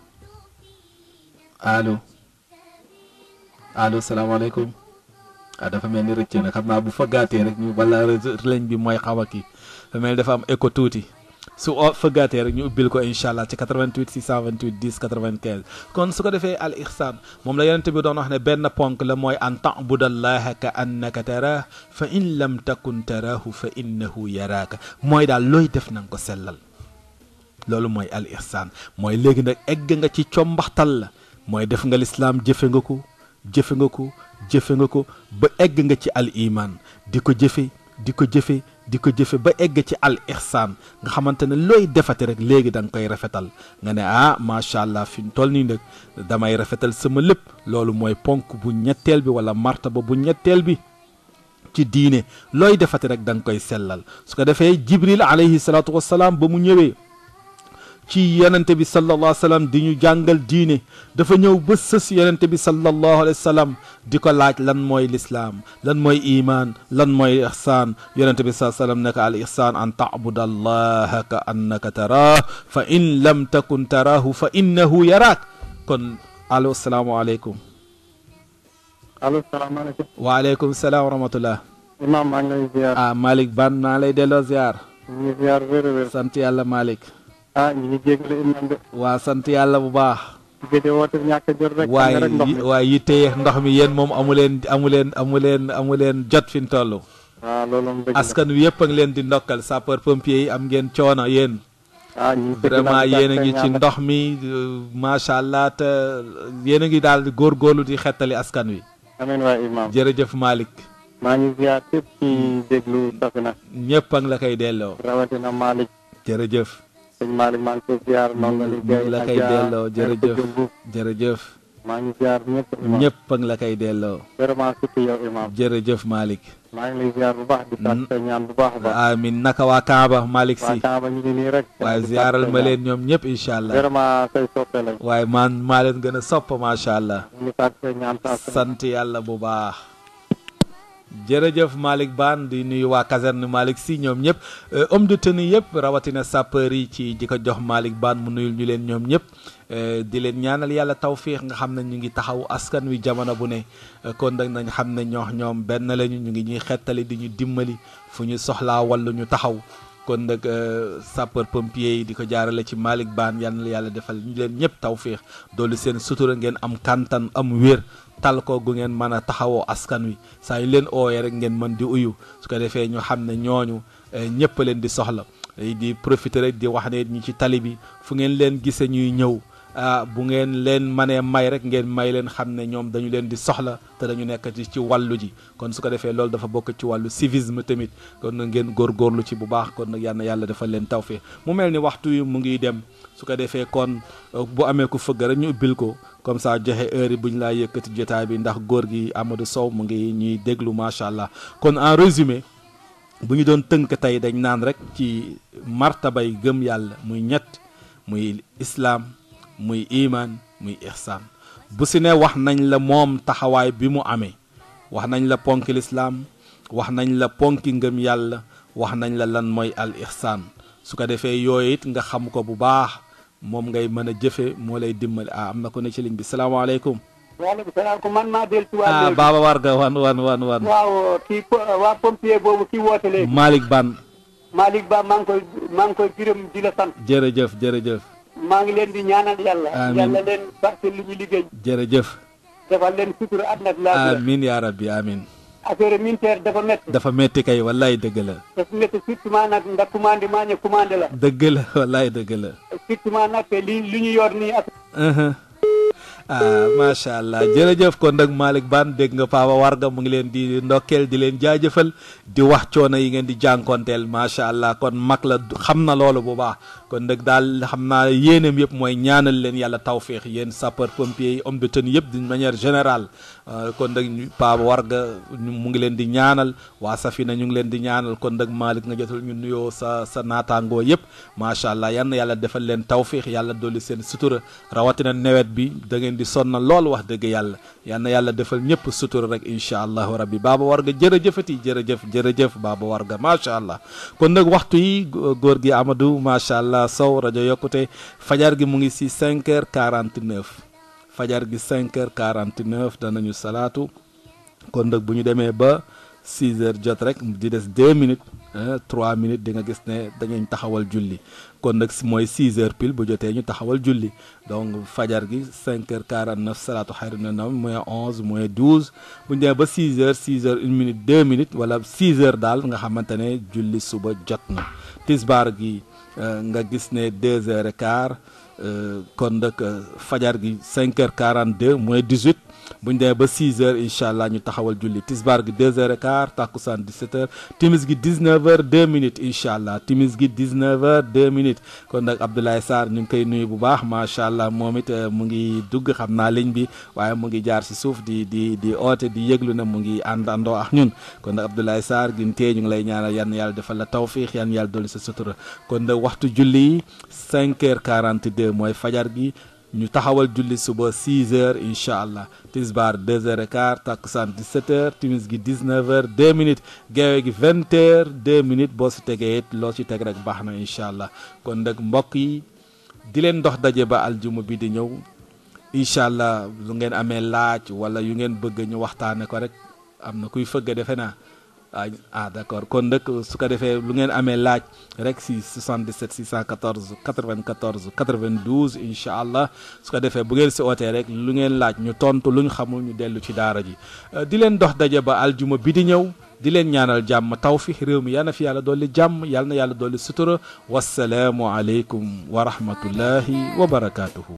S1: allo allo salaamaaleykum ah dafa mel ni rëcc na xam naa bu faggaatee rek ñu balaa lañ bi mooy xaw a kii dafa mel ni dafa am écho tuuti. su o fëggaatee rek ñu ubbil ko incha allah ci 88 628 10 95 kon su ko defee al ihsan moom la yonente bi doon wax ne benn ponk la mooy an tabudallaha ka annaka taraah fa in lam takun taraahu fa innahu yaraaka mooy daal looy def na nga ko sellal loolu mooy al ihsan mooy léegi nag egg nga ci combaxtal la mooy def nga lislaam jëfe nga ko jëfe nga ko jëfe nga ko ba egg nga ci al iman di ko jëfe di ko jëfe di ko jëfe ba egg ci al ihsaan nga xamante ne looy defati rek léegi da koy rafetal nga ne ah macha allah fi mu toll nii nag damay rafetal sama lépp loolu mooy ponk bu ñetteel bi wala martaba bu ñetteel bi ci diine looy defati rek da koy sellal su ko defee jibril alayhi salaatu wassalaam ba mu ñëwee ci yonente bi sallallahu alayhi wasallam di ñu jàngal diine dafa ñëw ba seus yonente bi sallallahu alayhi wasallam diko laaj lan moy l'islam lan moy iman lan moy ihsan yonente bi sallallahu alayhi wasallam naka al ihsan an ta'budallaha ka annaka taraah fa in lam takun tarahu fa innahu yarak kon alo assalamu alaykum alo assalamu alaykum wa alaykum assalam wa rahmatullah imam ma ngi ziar ah malik Ban maa lay delo ziar ñu ziar wér wér sant yàlla malik ah waa sant yàlla bu baax. gëj a woote a jot waaye waaye yi téye ndox mi yéen moom amu leen amu leen amu leen amu leen jot fi mu toll. waaw ah, loolu askan wi yëpp a leen di ndokkal sapeur pompier yi am ngeen coono yéen. ah ñu vraiment yéen a ngi ci ndox mi macha allah te yéen a ngi daal di góorgóorlu di xettali askan wi. amiin waay malik jërëjëf maa ngi ziar ñëpp hmm. a la koy delloo.
S2: sëñ Malick maa ngi koy ziar noonu la koy delloo jërëjëf
S1: jërëjëf maa ngi ziar a la koy delloo
S2: vraiment surtout yow imam
S1: jërëjëf ngi
S2: lay ziar bu baax di sàkk sa a baax
S1: amiin naka waa Kaaba waaye ziaral ma leen ñoom ñëpp incha allah vraiment say soppe lañ waaye man a sopp macha sa ñaan sant yàlla bu jërëjëf Malick baan di nuyu waa caserne Malick si ñoom ñëpp euh, homme de tenue yëpp rawatina sapeur yi ci di ko jox Malick baan mu nuyul ñu leen ñoom ñëpp euh, di leen ñaanal yàlla tawfiix nga xam ne ñu ngi taxaw askan wi jamono bu ne euh, kon nag nañ xam ne ñoox ñoom benn lañu ñu ngi ñuy xettali di ñu dimbali fu ñu soxlaa wallu ñu taxaw kon nag sapeur pompier yi di ko jaarale ci Malick baan yal yàlla defal ñu leen ñëpp tawfiix doolu seen sutura ngeen am kantan am wér tal ko gu ngeen mën a taxawoo askan wi saa yu leen ooyee rek ngeen mën di uyu su ko defee ñu xam ne ñooñu eh, ñëpp leen di soxla di profiter rek di wax ne ñu ci tali bi fu ngeen leen gisee ñuy ñëw Ah, bu ngeen leen manee may rek ngeen may leen xam ne ñoom dañu leen di soxla te dañu nekk ci ci wàllu ji kon su ko defee loolu dafa bokk ci wàllu civisme tamit kon na ngeen góorgóorlu ci bu baax kon nag yàlla na yàlla dafa leen tawfee mu mel ni waxtu yi mu ngi dem su ko defee kon eh, bu amee ko fëgg rek ñu ubbil ko comme sa joxe heure yi bu ñu laa yëkkati jotaay bi ndax góor gi Amadou Sow mu ngi ñuy déglu macha allah kon en résumé bu ñu doon tënk tey dañ naan rek ci martabay gëm yàlla muy ñett muy muy iman muy ihsan bu si ne wax nañ la moom taxawaay bi mu amé wax nañ la ponk l'islam wax nañ la ponk ngëm yàlla wax nañ la lan mooy al ihsan su ko defee yooyu it nga xam ko bu baax moom ngay mën a jëfe moo lay dimbali ah am na ko ne ci ligne bi salaamaaleykum
S3: waaleykum salaam ko man maa dellu si waa ah Baba
S1: Warga wan wan wan wan
S3: waaw kii waa pompier boobu kii woote léegi
S1: Malick Ban
S3: Malick Ban maa ngi koy maa ngi koy
S1: gërëm di la sant jërëjëf jërëjëf
S3: maa ngi leen di ñaanal yàlla. amiin yàlla leen barke li ñu liggéey. jërëjëf. defal leen sutura at nag. laa
S1: amiin yaa rabbi amiin.
S3: affaire militaire dafa métti.
S1: dafa métti kay wallaay dëgg la.
S3: dafa métti surtout nag ndax commandé maa ñu commandé la.
S1: dëgg la wallaay dëgg la.
S3: surtout nag li li ñu yor
S1: nii. ah macha allah jërëjëf kon nag Malick baan dégg nga Papa Warga mu ngi leen di ndokkeel di leen jaajëfal di wax coono yi ngeen di jànkonteel macha allah kon mag la xam na loolu bu baax kon nag daal xam naa yéeneem yëpp mooy ñaanal leen yàlla tawféex yéen sapeur pompier yi homme de tenue yëpp d'une manière générale Ah, kon nag Pa Warga mu ngi leen di ñaanal waa Safina ñu ngi leen di ñaanal kon nag Malick nga jotul ñu nuyoo sa sa naataangoo yëpp macha allah yan yàlla defal leen tawfiix yàlla dolli seen sutura rawatina nawet bi da ngeen di sonnal lool wax dëgg yàlla yan yàlla defal ñëpp sutura rek incha allahu rabbi Baba Warga jërëjëfati jërëjëf jërëjëf Baba Warga macha allah kon nag waxtu yi góor gi amadu macha allah Sow rajo yokkute fajar gi mu ngi si 5 heures 49 fajar gi cinq quarante heures 49 danañu salaatu kon nag bu ñu demee ba 6 heures jot rek di des 2 minutes 3 minutes di nga gis ne dañuy taxawal julli kon nag mooy 6 heures pile bu jotee ñu taxawal julli donc fajar gi 5 heures 49 salaatu xayru na naw moins 11 moins 12 bu ba 6 heures 6 heures 1 minute wala 6 heures daal nga xamante ne julli suba jot na tisbaar gi euh, nga gis ne 2 heures kon nag fajar gi 5 heures mois moins 18 bu ñu demee ba 6 heures incha allah ñu taxawal julli tisbaar gi 2 heures et quart takkusaan 17 heures timis gi 19 heures 2 minutes incha allah timis gi 19 heures 2 minutes kon nag Abdoulaye Sarr ñu ngi koy nuyu bu baax macha allah moom it euh, mu ngi dugg xam naa ligne bi waaye mu ngi jaar si suuf di di di oote di yëglu na mu ngi àndandoo ak ñun kon nag Abdoulaye Sarr gi tee ñu ngi lay ñaan yan yàlla defal la tawfiix yan yàlla dolli sa sutura kon nag mooy fajar gi. ñu taxawal julli suba 6 heures incha allah tisbaar 2 heures et quart takkusaan 17 heures timis gi 19 heures 2 minutes geewe gi 20 heures 2 minutes bo si tege it loo si teg rek baxna na allah kon nak mbokk yi di len dox dajje ba aljuma bi di ñëw incha allah lu ngeen amé laaj wala yu ngeen bëgg ñu waxtaane ko rek amna kuy fëgg defena ah d' accord kon nag su ko defee lu ngeen amee laaj rek si 77 614 94 92 incha allah su ko defee bu ngeen si ootee rek lu ngeen laaj ñu tontu lu ñu xamul ñu dellu ci daara ji di leen dox daje ba aljuma bi di ñëw di leen ñaanal jàmm taw fi réew mi yal fi yàlla dolli jàmm yal na yàlla dolli sutura wasalaamu aleykum wa rahmatullahi wa barakaatuhu.